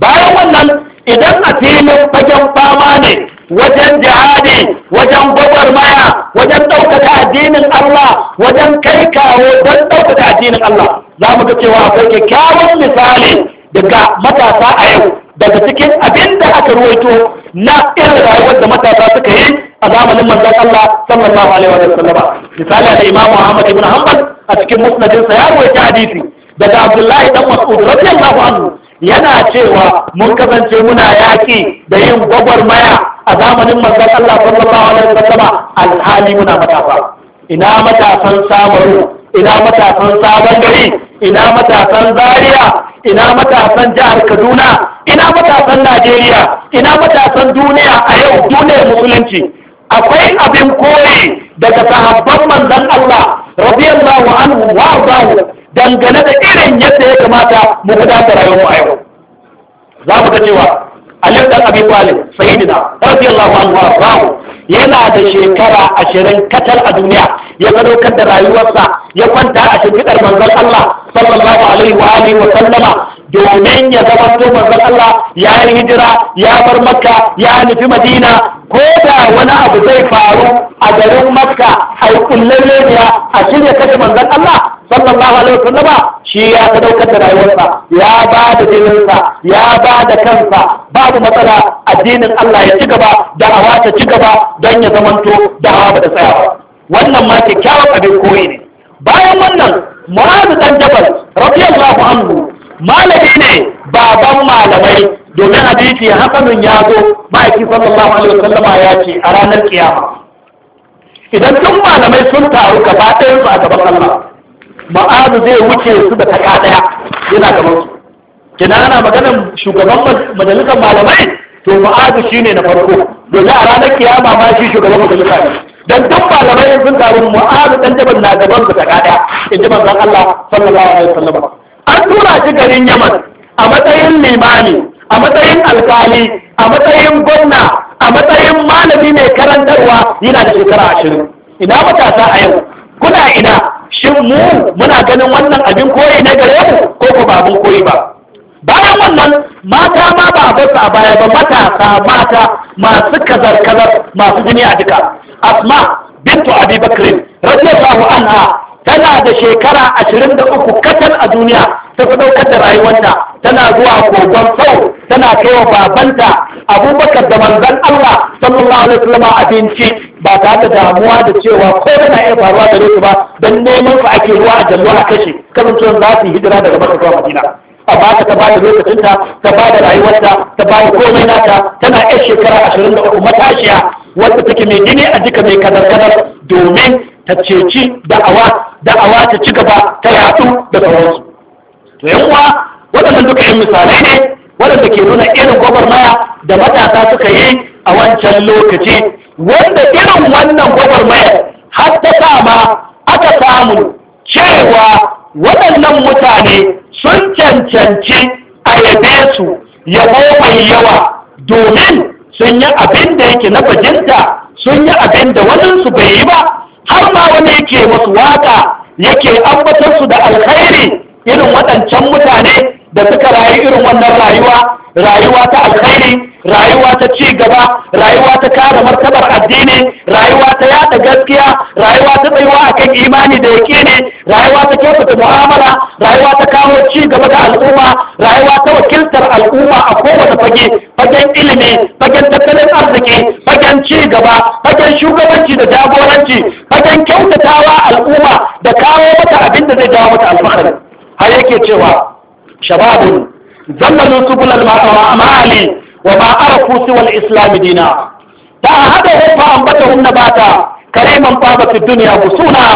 bayan wannan idan a filin fagen fama ne wajen jihadi wajen maya, wajen ɗaukaka addinin Allah wajen kai kawo don ɗaukaka addinin Allah za mu ga cewa akwai kyakkyawan misali daga matasa a yau daga cikin abin da aka ruwaito na irin rayuwar da matasa suka yi a zamanin manzon Allah sallallahu alaihi wa sallama misali da Imam Muhammad ibn Hanbal a cikin musnadinsa ya ruwaita hadisi daga Abdullahi dan Mas'ud radiyallahu anhu yana cewa mun kasance muna yaƙi da yin gwagwarmaya a zamanin manzon Allah sallallahu alaihi wasallam alhali muna matafa ina matasan samaru ina matasan sabon gari ina matasan zaria ina matasan jihar kaduna ina matasan najeriya ina matasan duniya a yau duniyar musulunci akwai abin koyi daga sahabban manzon Allah radiyallahu anhu wa dangane da irin yadda ya kamata mu gudanar rayuwar a yau za mu ga cewa Aliyu dan abi talib sayyidina radiyallahu anhu wa yana da shekara ashirin katal a duniya ya sadaukar da rayuwarsa ya kwanta a shimfiɗar manzon Allah sallallahu alaihi wa alihi wa sallama domin ya zama to manzon Allah ya yi hijira ya bar Makka ya nufi Madina ko da wani abu zai faru a garin Makka a kullun a shirya kashe manzon Allah sallallahu alaihi wasallam shi ya sadaukar da rayuwarsa ya ba da jininsa ya ba da kansa babu matsala addinin Allah ya ci gaba da awa ta ci gaba don ya zamanto da ba da tsayawa wannan ma kyakkyawan abin koyi ne bayan wannan mu'azu dan jabal radiyallahu anhu malami ne baban malamai domin hadisi hasanun ya zo ma'aiki sallallahu alaihi Sallama ya ce a ranar kiyama idan duk malamai sun taru gaba ɗayan su a gaban Allah ma'azu zai wuce su da taka daya yana gaban su kina ana maganar shugaban majalisar malamai to ma'azu shine na farko Dole a ranar kiyama ma shi shugaban majalisa ne dan duk malamai sun taru ma'azu dan jabal na gaban su taka daya in ji manzon Allah sallallahu alaihi wasallam an tura shi garin Yaman a matsayin limami a matsayin alkali a matsayin gwamna a matsayin malami mai karantarwa yana da shekara ashirin ina matasa a yau kuna ina shin mu muna ganin wannan abin koyi na gare mu ko ko ba abin koyi ba bayan wannan mata ma ba ba a baya ba matasa mata masu kazar kazar masu jini a duka asma bintu abi bakr radiyallahu anha tana da shekara ashirin da uku katal a duniya ta fi ɗaukar da rayuwarta tana zuwa kogon sau tana wa babanta abubakar da manzan Allah sallallahu alaihi wasallam abinci ba tare da damuwa da cewa ko yana iya faruwa da su ba don neman su ake ruwa a jalwa a kashe kasancewar za su yi hijira daga maka zuwa madina ba ta ta bada lokacinta ta bada rayuwarta ta bada komai nata tana yar shekara ashirin da uku matashiya wadda take mai gini a jika mai kadar-kadar domin ta ceci da'awa da'awa ta ci gaba ta yatsu da sauransu to yan uwa waɗannan duka yan misalai ne waɗanda ke nuna irin gwagwarmaya da matasa suka yi a wancan lokaci wanda irin wannan gwagwarmayar har ta sama aka samu cewa waɗannan mutane sun cancanci a yabe su yabo mai yawa domin sun yi abin da yake na bajinta sun yi abin da waninsu bai yi ba har ma wani yake wasu waka yake su da alkhairi irin waɗancan mutane da suka rayu irin wannan rayuwa rayuwa ta alkhairi rayuwa ta ci gaba rayuwa ta kare martabar addini rayuwa ta yada gaskiya rayuwa ta tsayuwa akan imani da yake ne rayuwa ta kyautata mu'amala rayuwa ta kawo ci gaba da al'umma rayuwa ta wakiltar al'umma a kowace fage fagen ilimi fagen tattalin arziki fagen ci gaba fagen shugabanci da jagoranci fagen kyautatawa al'umma da kawo mata abin da zai dawo mata alfahari har yake cewa shababun zallalin subulal ma'ali وما عرفوا سوى الإسلام دينا فأهدهم فأنبتهم نباتا كريما طاب في الدنيا غصونا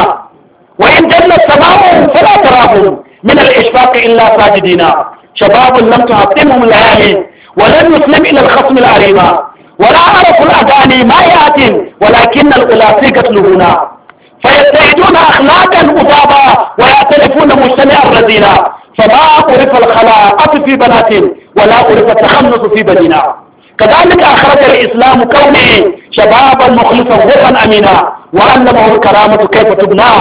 وإن جلت سماؤهم فلا تراهم من الإشفاق إلا ساجدين شباب لم تعطمهم الليالي ولم يسلم إلى الخصم العريمة ولا عرفوا الأغاني ما يأتي ولكن القلاسي قتلهنا فيستعدون أخلاقا مصابة ويعترفون مجتمعا رزينا فما أعرف الخلاء في بنات ولا أريد التخلص في بدينا كذلك أخرج الإسلام كونه شبابا مخلصا غرا أمينا وعلمه الكرامة كيف تبنى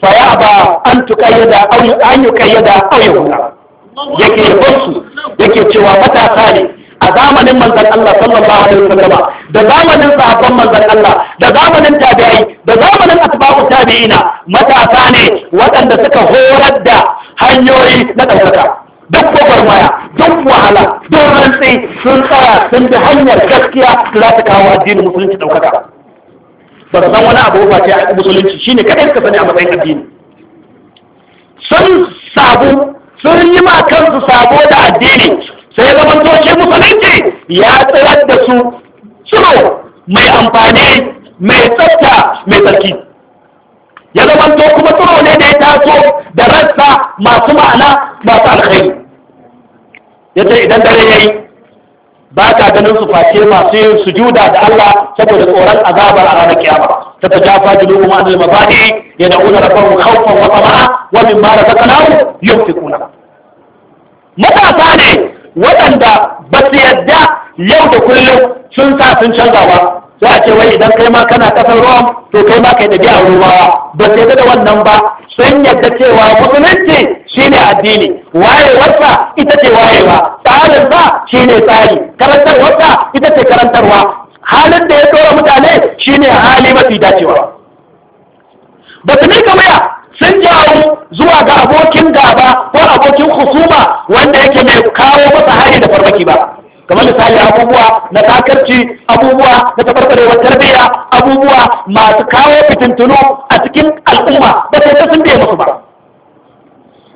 فيأبى أن تكيد أو أن يكيد أو يبنى yake basu yake cewa matasa ne a zamanin manzon Allah sallallahu alaihi wasallam da zamanin sahabban manzan Allah da zamanin tabi'ai da zamanin asbabu tabi'ina matasa ne waɗanda suka horar da hanyoyi na ɗaukaka duk gwagwarmaya don wahala don rantsi sun tsaya sun bi hanyar gaskiya za su kawo addinin musulunci ɗaukaka ba su san wani abu ba ce a musulunci shine kaɗai suka sani a matsayin addini sun sabu sun yi ma kansu sabo da addini sai ya zama toshe musulunci ya tsirar da su tsiro mai amfani mai tsafta mai tsarki ya zama to kuma tsoro ne da ya taso da rassa masu ma'ana masu alkhairi ya ce idan dare ya yi ba ka ganin su face masu yin sujuda da Allah saboda tsoron azabar a ranar kiyama ta ta jafa jilu kuma an zama bani ya da'una rabbahu wani wa tama'a wa mimma razaqnahu yunfiquna matasa ne waɗanda ba su yadda yau da kullum sun sa sun canza ba za a ce wai idan kai ma kana kasar ruwan to kai ma kai da biya ruwa ba su yadda da wannan ba sun yadda cewa musulunci shine addini wayewarsa ita ce wayewa tsarinsa shine tsari karantarwarsa ita ce karantarwa halin da ya tsora mutane shine hali mafi dacewa ba su mika waya sun jawo zuwa ga abokin gaba ko abokin husuma wanda yake mai kawo masa hari da farmaki ba kamar misali abubuwa na takarci abubuwa na tabarbarewar tarbiyya abubuwa masu kawo fitintunu a cikin al'umma ba sai sun biya musu ba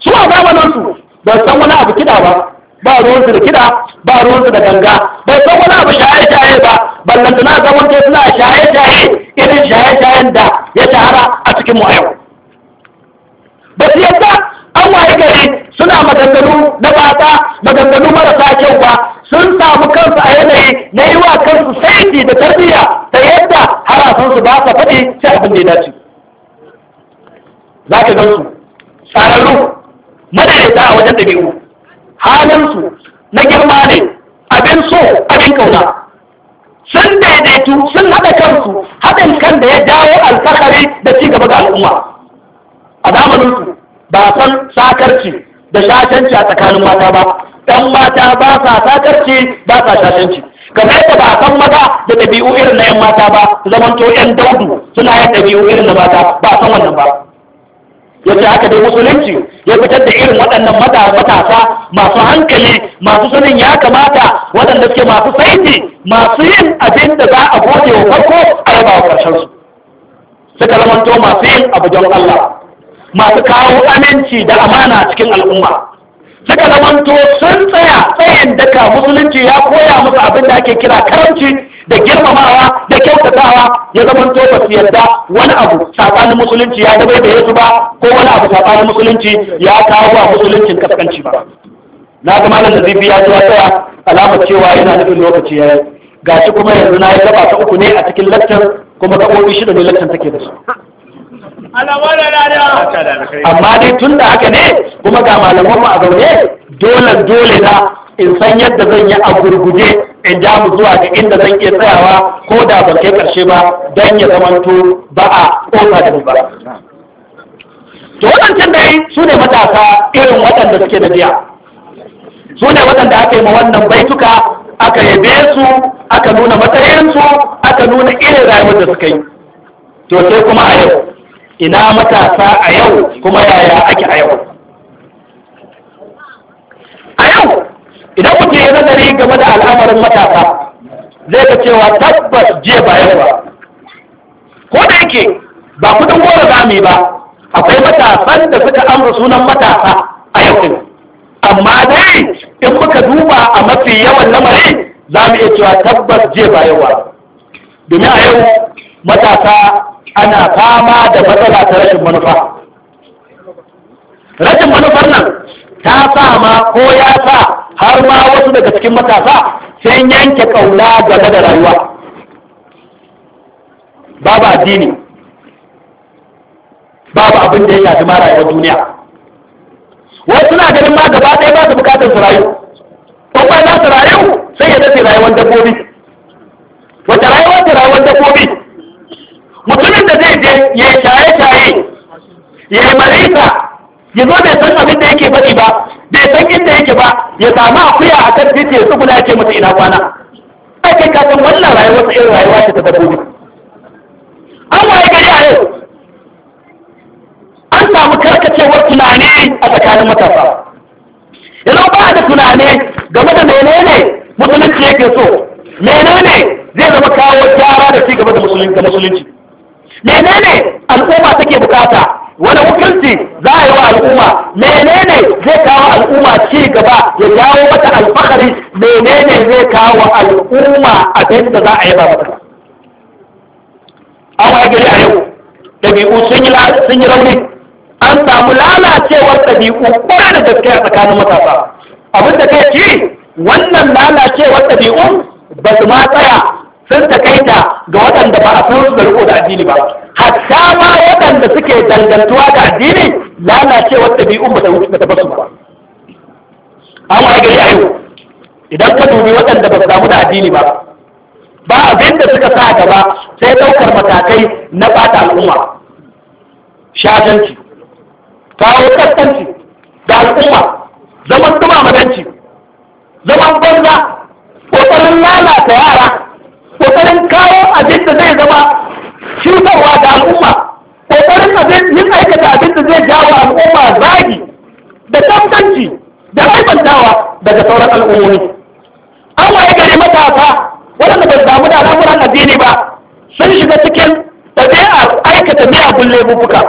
su a zamanin su ba san wani abu kiɗa ba ba ruwansu da kida ba ruwansu da ganga ba san wani abu shaye-shaye ba ballan na ga wanda suna shaye-shaye irin shaye-shayen da ya shahara a cikin mu ba su yadda an waye gari suna maganganu na bata maganganu marasa kyau ba sun samu kansu a yanayi na yi wa kansu saiti da tarbiyya ta yadda harasansu ba sa faɗi sai abin da ya dace za ka gansu tsararru Mana madaidaita a wajen ɗabi'u halinsu na girma ne abin so abin kauna sun daidaitu sun haɗa kansu haɗin kan da ya dawo alfahari da ci gaba ga al'umma a zamaninsu ba san sakarci da shashanci a tsakanin mata ba ɗan mata ba sa sakarci ba sa shashanci kamar yadda ba san maza da ɗabi'u irin na 'yan mata ba to 'yan daudu suna yin ɗabi'u irin na mata ba san wannan ba yace haka dai musulunci ya fitar da irin waɗannan matasa masu hankali masu sanin ya kamata waɗanda suke masu saiti masu yin abin da za a gode wa farko a yaba wa ƙarshensu suka zamanto masu yin abu don Allah masu kawo aminci da amana cikin al'umma suka zamanto sun tsaya tsayin daka musulunci ya koya musu abin da ake kira karanci da girmamawa da kyautatawa ya zama to ba su yarda wani abu sabanin musulunci ya dabe da yasu ba ko wani abu sabanin musulunci ya kawo wa musuluncin kaskanci ba na ga malam nazifi ya zuwa tsaya alamar cewa yana nufin lokaci ya yi gashi kuma yanzu na yi gaba ta uku ne a cikin lakcar kuma gaɓoɓi shida ne lakcar take da su amma dai tun da haka ne kuma ga malamanmu a zaune dole dole na in san yadda zan yi a gurguje in ja mu zuwa ga inda zan iya tsayawa ko da ban kai karshe ba don ya zamanto ba a ƙofa da ba to waɗancan dai su ne matasa irin waɗanda suke da biya su ne waɗanda aka yi ma wannan baituka aka yabe su aka nuna matsayinsu aka nuna irin rayuwar da suka yi to sai kuma a yau ina matasa a yau kuma yaya ake a yau idan kuke yi nazari game da al'amarin matasa zai ga cewa tabbas je bayan ba ko da yake ba kudin gora za mu yi ba akwai matasan da suka amsa sunan matasa a yau amma dai in muka duba a mafi yawan lamari za mu iya cewa tabbas je bayan ba domin a yau matasa ana fama da matsala ta rashin manufa rashin manufar nan ta sa ma ko ya sa har ma wasu daga cikin matasa sun yanke kauna game da rayuwa babu addini babu abin da ya shafi a rayuwar duniya wasu suna ganin ma gaba ɗaya ba su bukatar su rayu ko za su rayu sai ya dace rayuwar dabbobi wata rayuwar da rayuwar dabbobi mutumin da zai je ya shaye shaye ya yi marisa ya zo bai san abin da yake faɗi ba bai san inda yake ba ya samu akuya a kan titi ya su ya ke masa ina kwana ake kasan wannan rayuwar su irin rayuwa ce ta dabbobi an waye gari a yau an samu karkacewar tunani a tsakanin matasa yanzu ba da tunani game da menene musulunci yake so menene zai zama kawo gyara da ci gaba da musulunci menene al'umma take bukata wani hukunci za a yi wa al'umma menene zai kawo al'umma ci gaba ya jawo mata alfahari menene zai kawo al'umma abin da za a yi ba mata an waye gari a yau ɗabi'u sun yi rauni an samu lalacewar ɗabi'u ƙwarar da gaske a tsakanin matasa abin da kai ci wannan lalacewar ɗabi'u ba su ma tsaya sun takaita ga waɗanda ba a san su da riko da addini ba hatta ma waɗanda suke dangantuwa da addini lalacewar ɗabi'un ba ta wuce ba ta basu ba an wa gari a yau idan ka dubi waɗanda ba su damu da addini ba ba abin da suka sa gaba sai ɗaukar matakai na ɓata al'umma shatanci kawo kaskanci da al'umma zaman dumamadanci zaman banza ƙoƙarin lalata yara ƙoƙarin kawo abin da zai zama cutarwa da al'umma ƙoƙarin abin yin aikata abin da zai jawo al'umma zagi da tantanci da aikantawa daga sauran al'ummomi Allah ya gari matasa waɗanda ba damu da al'amuran addini ba sun shiga cikin ɗabi'a aikata miyagun laifuka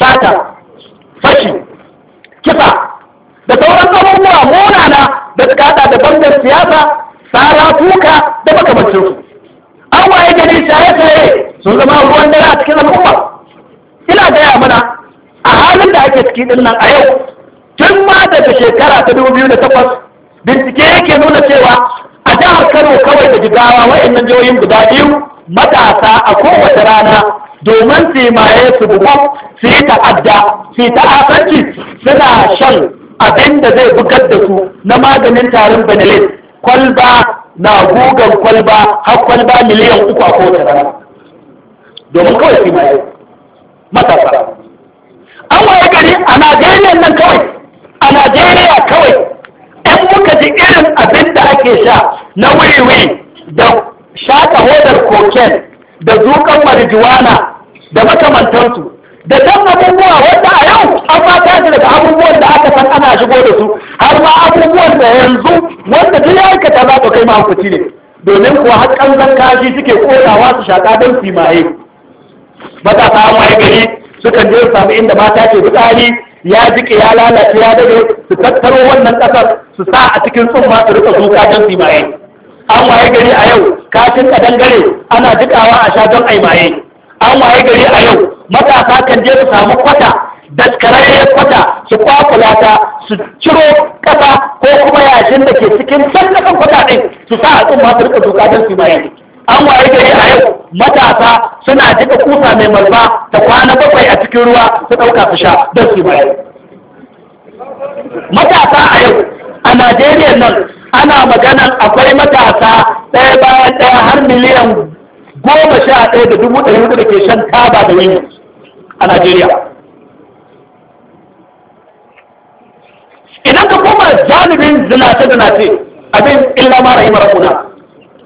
sata fashi kisa da sauran abubuwa munana da suka da bangar siyasa tsara tuka da makamancinsu an waye gari shaye-shaye sun zama ruwan dare a cikin al'umma ina gaya mana a halin da ake ciki din nan a yau tun ma daga shekara ta dubu biyu da takwas bincike yake nuna cewa a jihar kano kawai da jigawa wayannan jihohin guda biyu matasa a kowace rana domin su maye su bugu su yi ta'adda su yi ta'asanci suna shan abin da zai bugar da su na maganin tarin benelin kwalba na gugan kwalba har kwalba miliyan uku a kowace rana domin kawai fi mai matasa an waye gari a najeriya nan kawai a najeriya kawai ɗan muka ji irin abin da ake sha na wiwi da shaƙa hodar koken da zukan marijuana da makamantansu da kan abubuwa wanda a yau an ta shi daga abubuwan da aka san ana shigo da su har ma abubuwan da yanzu wanda duk ya aikata za ka kai mahakuci ne domin kuwa har kanzan kashi suke kodawa su shaƙa don su maye matasa an waye gari sukan je samu inda mata ke fitsari ya jike ya lalace ya dade su tattaro wannan ƙasar su sa a cikin tsumma su rika suka don su an waye gari a yau kafin kashin dangare ana jikawa a sha don aimaye an waye gari a yau matasa kan je su samu kwata da karayen kwata su kwakula ta su ciro kasa ko kuma yashin da ke cikin can kwata ɗin su sa a su rika doka don su bayani an waye gari a yau matasa suna jika kusa mai malba ta kwana bakwai a cikin ruwa su ɗauka su sha don su bayani matasa a yau a najeriya nan ana maganan akwai matasa ɗaya bayan ɗaya har miliyan goma sha ɗaya da dubu ɗari da ke shan taba da yanzu a Najeriya idan ka koma janibin zinace zinace abin illa mara yi mara kuna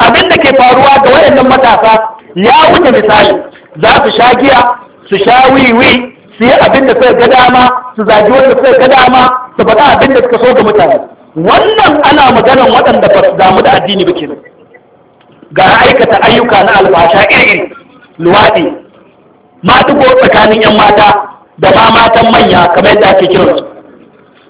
abin da ke faruwa ga wayannan matasa ya wuce misali za su sha giya su sha wiwi su yi abin da suka ga dama su zagi wanda suka ga dama su faɗa abin da suka so ga mutane wannan ana maganar waɗanda ba su damu da addini ba ga aikata ayyuka na albasha iri luwaɗi ko tsakanin 'yan mata da ma matan manya kamar yadda ake su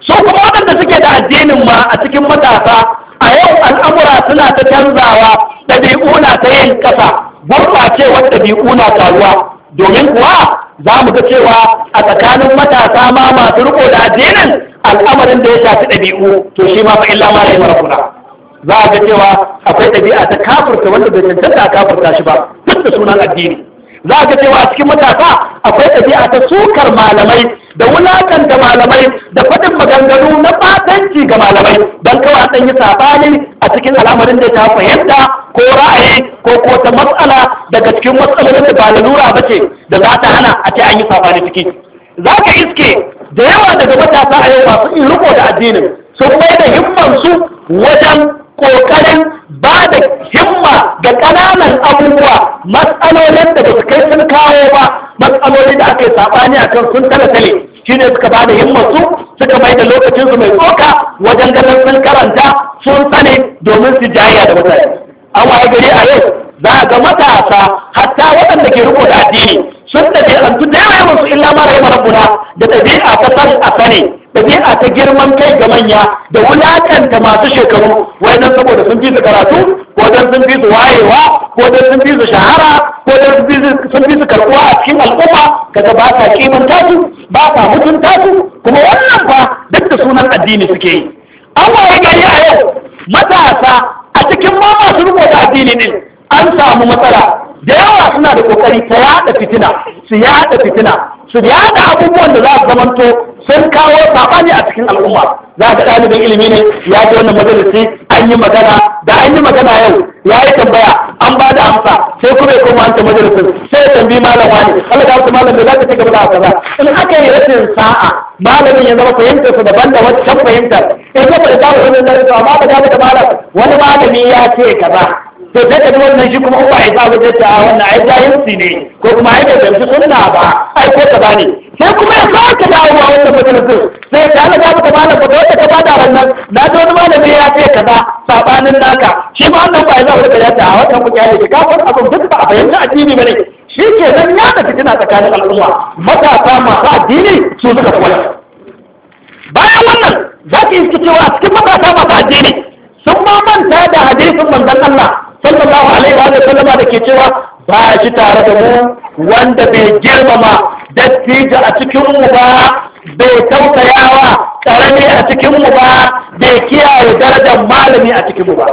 so kuma waɗanda suke da addinin ma a cikin matasa a yau al'amura suna ta canzawa ɗabi'u na ta yin ƙasa gurɓacewar ɗabi'u na taruwa domin kuwa za mu ga cewa a tsakanin matasa ma masu riko da addinin al'amarin da ya shafi ɗabi'u to shi ma fa illa ma rai mara za a ga cewa akwai ɗabi'a ta kafurta wanda bai cancanta a kafurta shi ba duk da sunan addini za ka cewa a cikin matasa akwai ɗabi'a ta sukar malamai da wulatan da malamai da faɗin maganganu na fatanci ga malamai don kawai an ɗan yi saɓani a cikin al'amarin da ta fahimta ko ra'ayi ko ko ta matsala daga cikin matsalolin da ba lura ba ce da za ta hana a ce an yi saɓani ciki za ka iske da yawa daga matasa a yau masu iriko da addinin sun mai da himmansu wajen ƙoƙarin ba da himma ga ƙananan abubuwa matsalolin da ba su kai sun kawo ba matsaloli da aka yi saɓani a kan sun talatale shi ne suka ba da himmarsu suka mai da lokacinsu mai tsoka wajen ganin sun karanta sun sani domin su jayya da mutane an waye gari a yau za a ga matasa hatta waɗanda ke riko da addini sun ɗabi'antu da yawa yawan su illa mara yawan da ɗabi'a ta a sani ɗabi'a ta girman kai ga manya da wulakanta masu shekaru wai nan saboda sun fi su karatu ko dan sun fi su wayewa ko dan sun fi su shahara ko dan sun fi su karɓuwa a cikin al'umma kaga ba sa kimanta su ba sa mutunta su kuma wannan fa duk da sunan addini suke yi an waye gari a yau matasa a cikin ma masu rubuta addini ne an samu matsala da yawa suna da kokari ta yada fitina su yada fitina su yada abubuwan da za su zamanto sun kawo sabani a cikin al'umma za ga ɗalibin ilimi ne ya ji wannan majalisi an yi magana da an yi magana yau ya yi tambaya an ba da amsa sai kuma ya koma ta majalisin sai ya tambi malam wani Allah malam da za ka ci gaba da ba in aka yi rashin sa'a malamin ya zama fahimtar su daban da wacce fahimtar in ka fahimta da wannan da amma ba ta da malam wani malami ya ce kaza to sai ka wannan shi kuma ya isa wajen ta ah, wannan ai jahilci ne ko kuma ai da shi sunna ba ai ko ka bane sai kuma ya sa ka dawo a wannan majalisin sai ka ga maka ba ko ta ka bada nan na ji wani malami ya ce kaza sabanin naka shi ma wannan ba isa wajen ta wannan ku kyale ka fa abin duk ba a bayyana addini bane shi ke nan ya da fitina tsakanin al'umma matasa masu addini su suka fi wannan bayan wannan za ki iske cewa cikin matasa masu addini sun ma manta da hadisin manzon Allah sallallahu alaihi wa sallama da ke cewa ba shi tare da mu wanda bai girmama dattija a cikinmu ba bai tausayawa karami a cikin mu ba bai kiyaye darajar malami a cikin mu ba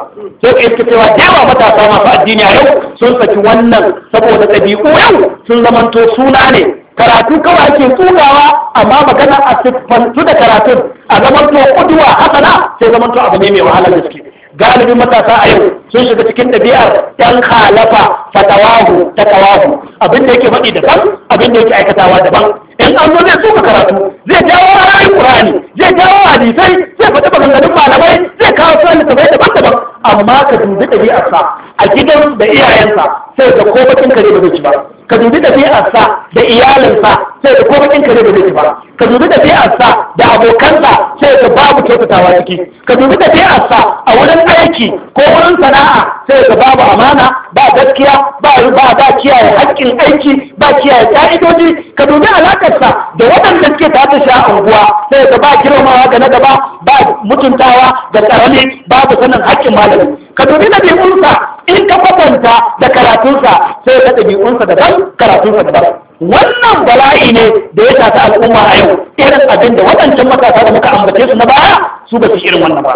sai ka ke cewa yawa matasa masu addini a yau sun saki wannan saboda ɗabi'u yau sun zamanto suna ne karatu kawai ake tsugawa amma magana a siffantu da karatun a zamanto kuduwa hasana sai zamanto abu ne mai wahalar gaske galibin matasa a yau sun shiga cikin ɗabi'ar ɗan kalafa fatawahu tawahu. abin da yake faɗi daban abin da yake aikatawa daban in an zo zai suka karatu zai jawo ra'ayin qur'ani zai jawo hadisai zai faɗi maganganun malamai zai kawo sunan littafai daban-daban amma ka dubi ɗabi'arsa a gidan da iyayensa sai ka ko bakin kare ba zai ci ba ka dubi da ɗabi'arsa da iyalinsa sai da ko ɗinka kare da zai ba ka dubi da ɗabi'arsa da abokansa sai da babu kyautatawa ciki ka dubi da ɗabi'arsa a wurin aiki ko wurin sana'a sai da babu amana ba gaskiya ba ba ba kiyaye haƙƙin aiki ba kiyaye ka'idoji ka dubi alakarsa da waɗanda suke ta shi sha unguwa sai da ba girmamawa ga na gaba ba mutuntawa da karami babu sanin haƙƙin malami ka dubi ɗabi'unsa in ka kwatanta da karatunsa sai ka ɗabi'unsa daban karatunsa daban wannan bala'i ne da ya shafi al'umma a yau irin abin da waɗancan matasa da muka ambace su na baya su ba su irin wannan ba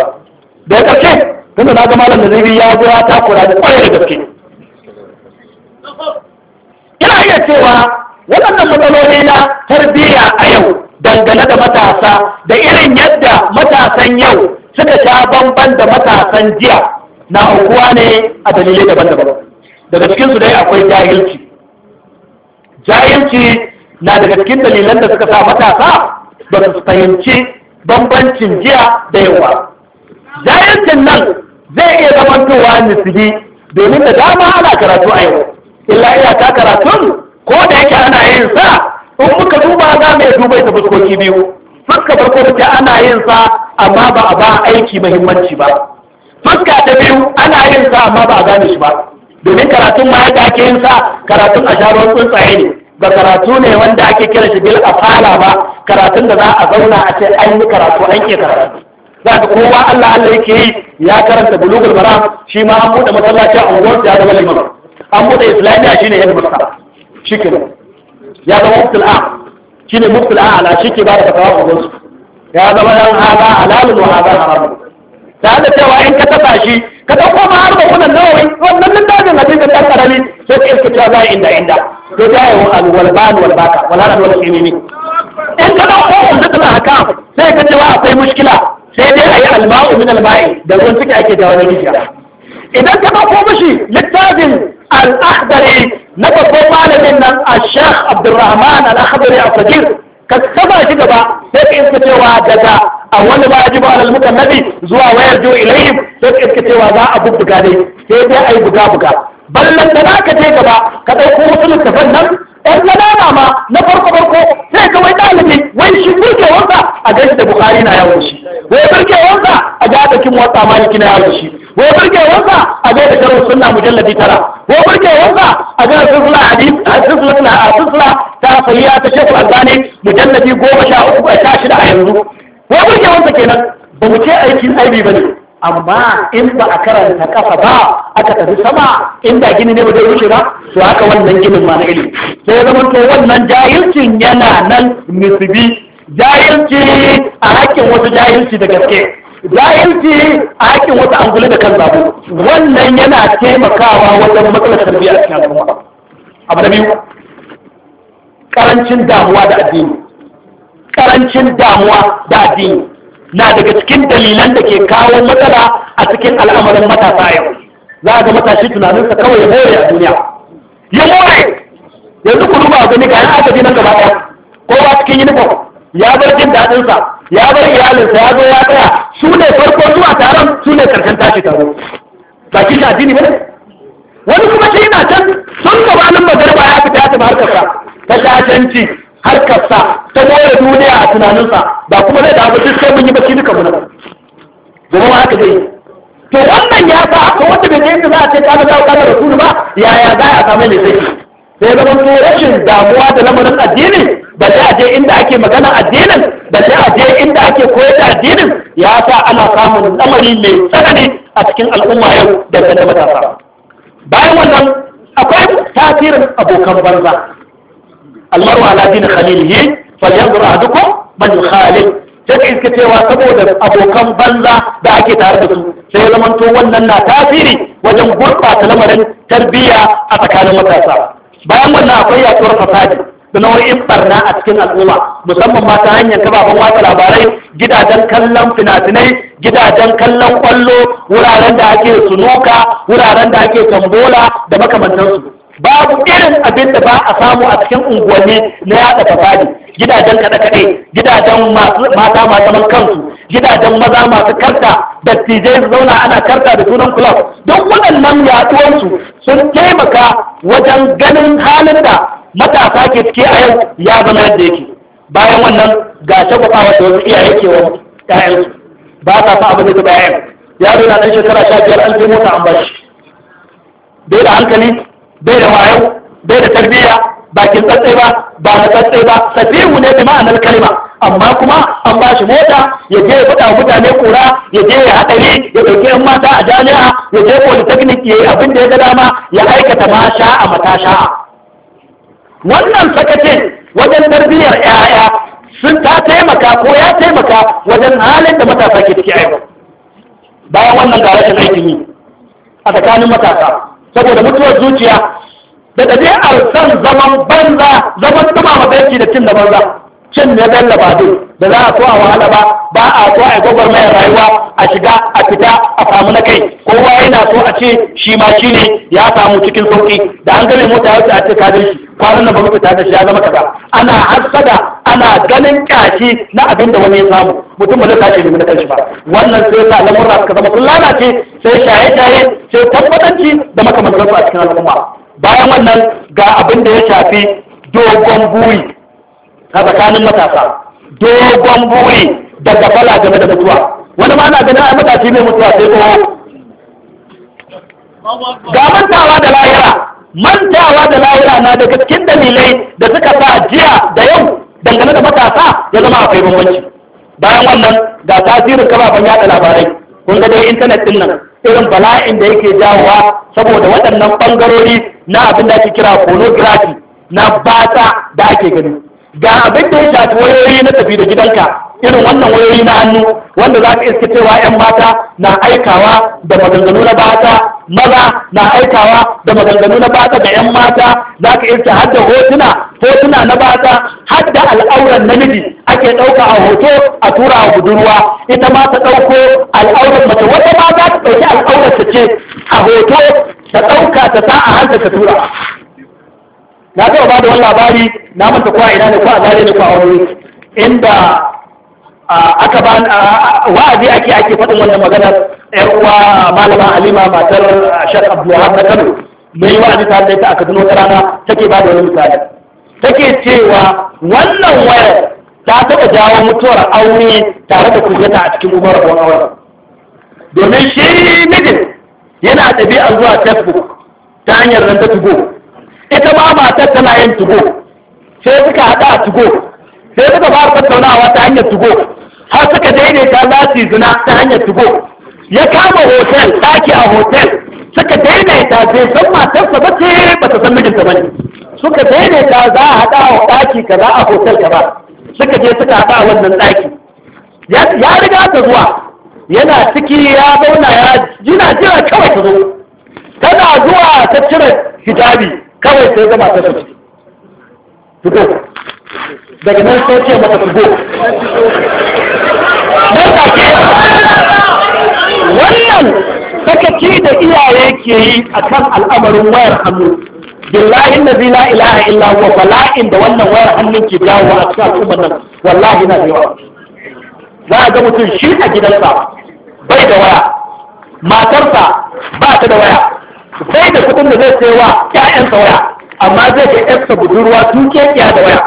da ya ƙarshe tunda na ga malam da zai ya zo ya takura da ƙwarai da gaske ina iya cewa waɗannan matsaloli na tarbiyya a yau dangane da matasa da irin yadda matasan yau suka sha bamban da matasan jiya na aukuwa ne a dalilai daban-daban daga su dai akwai jahilci jahilci na daga cikin dalilan da suka sa matasa ba su fahimci bambancin jiya da yawa jahilcin nan zai iya zamantowa nisigi domin da dama ana karatu a yau illa ta karatun ko da yake ana yin sa in muka duba za mu iya duba ita fuskoki biyu fuska farko ta ana yin sa amma ba a ba aiki muhimmanci ba fuska ta biyu ana yin sa amma ba a gane shi ba domin karatun ma ya ake yin sa karatun a sharuwar tsuntsaye ne ba karatu ne wanda ake kira shi bil a fala ba karatun da za a zauna a ce an yi karatu an ke karatu za ka kowa Allah Allah yake yi ya karanta bulugul maram shi ma an buɗe masallaci a unguwar ya zama an buɗe islamiya shine yadda masa shikenan ya zama muftul a shine muftul a ala ke ba da fatawa a ya zama yan haza alalun wa haza haramun da haka cewa in ka tasa shi ka dauko ma har bakunan nawawai wannan nan dajin na cikin ɗan ƙarami sai ka iska cewa za inda inda to ta yi wa alwalban walbaka walaran wala shi ne in ka dauko wanda tana haka sai ka cewa akwai mushkila sai dai a yi alma'u min alma'i da ruwan ciki ake jawo na rijiya idan ka dauko mashi littafin al'ahdari na babban malamin nan a shekh abdurrahman al'ahdari a fajir ka taba shi gaba sai ka iska cewa daga a wani ba ji ba alal mukannabi zuwa wayar jo ilayhim sai ka iska cewa za a bubbuga dai sai dai ai buga buga ballan da ka je gaba ka dauko wasu fannan. nan ɗan zanana ma na farko farko sai ka wai ɗalibi wai shi burgewarsa a gaishe da bukari na yawon shi wai burgewarsa a ga ɗakin watsa maliki na yawon shi ko burgewarsa a ga da karin sunna mujalladi tara ko burgewarsa a ga silsila hadis silsila silsila ta sahiha ta shekul albani mujalladi goma sha uku sha shida a yanzu ko burgewarsa kenan ba mu ce aikin aibi ba ne amma in ba a karanta kafa ba aka tafi sama in da gini ne ba zai wuce ba to haka wannan ginin ma na ilimi sai to wannan yana nan nisbi jahilci a hakkin wasu jahilci da gaske jahilci a haƙƙin wata angulu da kan zabu wannan yana taimakawa wajen matsalar tarbiyya a cikin al'umma abu na biyu karancin damuwa da addini karancin damuwa da addini na daga cikin dalilan da ke kawo matsala a cikin al'amarin matasa yau za a ga matashi tunaninsa kawai ya more a duniya ya more yanzu ku duba gani ga yan adabi nan gaba ɗaya ko ba cikin uniform ya bar jin daɗinsa ya bar iyalinsa ya zo ya tsaya su ne farko zuwa taron su ne karshen tashi taro ba shi addini ba ne wani kuma shi yana can sun gabanin magarba ya fita ta harkarsa ta shashanci sa ta more duniya a tunaninsa ba kuma zai dawo duk sai mun yi baki duka muna gobe ma haka dai to wannan ya sa to wanda bai je za a ce kana dawo kana rasulu ba yaya za a samu ne sai sai mun to rashin damuwa da lamarin addini ba sai a je inda ake magana addinin ba sai a je inda ake koyar da addinin ya sa ana samun lamari mai tsanani a cikin al'umma yau daga da matasa bayan wannan akwai tasirin abokan banza almaru ala din khalilihi falyanzur ahadukum man khalil sai iska cewa saboda abokan banza da ake tare da su sai ya zamanto wannan na tasiri wajen gurɓata lamarin tarbiyya a tsakanin matasa bayan wannan akwai yaduwar fasadi da nau'in barna a cikin al'umma musamman ma ta hanyar kafafen watsa labarai gidajen kallon finafinai, gidajen kallon kwallo wuraren da ake sunuka wuraren da ake tambola da makamantansu babu irin abin da ba a samu a cikin unguwanni na yada fasadi gidajen kaɗe-kaɗe gidajen mata masu man kansu gidajen maza masu karta da tijai su zauna ana karta da sunan club don waɗannan su sun taimaka wajen ganin halin da matasa ke suke a yau ya zama yadda yake bayan wannan ga shagwabawa da wasu iyaye ke wa ƴaƴansu ba sa fa abin da bayan ya zo na ɗan shekara sha biyar an mota an shi, bai da hankali bai da wayo bai da tarbiyya bakin tsatsai ba ba na tsatsai ba safihu ne bi ma'anar kalma amma kuma an ba shi mota ya je ya faɗa mutane kura ya je ya haɗari ya ɗauki yan mata a jami'a ya je polytechnic ya yi abin da ya ga dama ya aikata ma sha'a mata sha'a wannan sakacin wajen tarbiyyar 'ya'ya sun ta taimaka ko ya taimaka wajen halin da matasa ke ciki aiki bayan wannan ga rashin aikin yi a tsakanin matasa saboda mutuwar zuciya da ɗabi'ar son zaman banza zaman tuma matsayarci da cin da banza cin ne bella ba dai da za a so a wahala ba ba a so a gobar mai rayuwa a shiga a fita a samu na kai kowa yana so a ce shi ma shi ne ya samu cikin sauki da an gane mota ya ce a ce kadin shi kwanan nan ba ta shi ya zama kaza ana hasada ana ganin kyashi na abin da wani ya samu mutum ba zai tashi domin kanshi ba wannan sai sa ra suka zama sun lalace sai shaye-shaye sai tabbatanci da su a cikin al'umma bayan wannan ga abin da ya shafi dogon buri a tsakanin matasa dogon buri da gafala game da mutuwa wani ma ana ganin a matashi mai mutuwa sai ko ga mantawa da lahira mantawa da lahira na daga cikin dalilai da suka sa jiya da yau dangane da matasa ya zama a akwai bambanci bayan wannan ga tasirin kafafen yada labarai kun ga dai intanet din nan irin bala'in da yake jawowa saboda waɗannan bangarori na abin da ake kira pornography na bata da ake gani ga abin da ya shafi wayoyi na tafi da gidanka irin wannan wayoyi na hannu wanda za ka iska cewa 'yan mata na aikawa da maganganu na bata maza na aikawa da maganganu na bata ga 'yan mata za ka irta har hotuna hotuna na bata har da al'auran namiji ake ɗauka a hoto a tura a budurwa ita ma ta ɗauko al'auran mace wata ma za ta ɗauki al'auran ta ce a hoto ta ɗauka ta sa a hanta ta tura na taɓa ba da wani labari na manta kuwa ina ne kuwa a zare ne kuwa a wani inda aka ba wa'azi ake ake faɗin wannan maganar 'yan uwa malama Halima matar shar Abdulwahab na Kano mai wa'azi ta da ita a Kaduna wata rana take ba da wani misali take cewa wannan wayar ta taɓa jawo mutuwar aure tare da kujeta a cikin Umar mubarakon auren domin shi mijin yana ɗabi'ar zuwa facebook ta hanyar ranta tugo ita ma matar tana yin tugo sai suka haɗa a tugo sai suka fara tattaunawa ta hanyar tugo har suka daidaita za su yi zina ta hanyar tugo ya kama hotel ɗaki a hotel suka daidaita bai san matarsa ba ce ba ta san mijinta ba ne suka daidaita za a haɗa a ɗaki kaza a hotel ka ba, suka je suka haɗa a wannan ɗaki ya riga ta zuwa yana ciki ya zauna ya jina jira kawai ta zo tana zuwa ta cire hijabi kawai sai zama ta zo daga nan sai ce mata go wannan sakaci da iyaye ke yi a kan al'amarin wayar hannu billahi allazi la ilaha illa huwa bala'in da wannan wayar hannun ke dawo a cikin al'ummar nan wallahi na yawa za a ga mutum shi a gidansa bai da waya matarsa ba ta da waya sai da kudin da zai sayawa ƴaƴansa waya amma zai ga ƴarsa budurwa dukiya da waya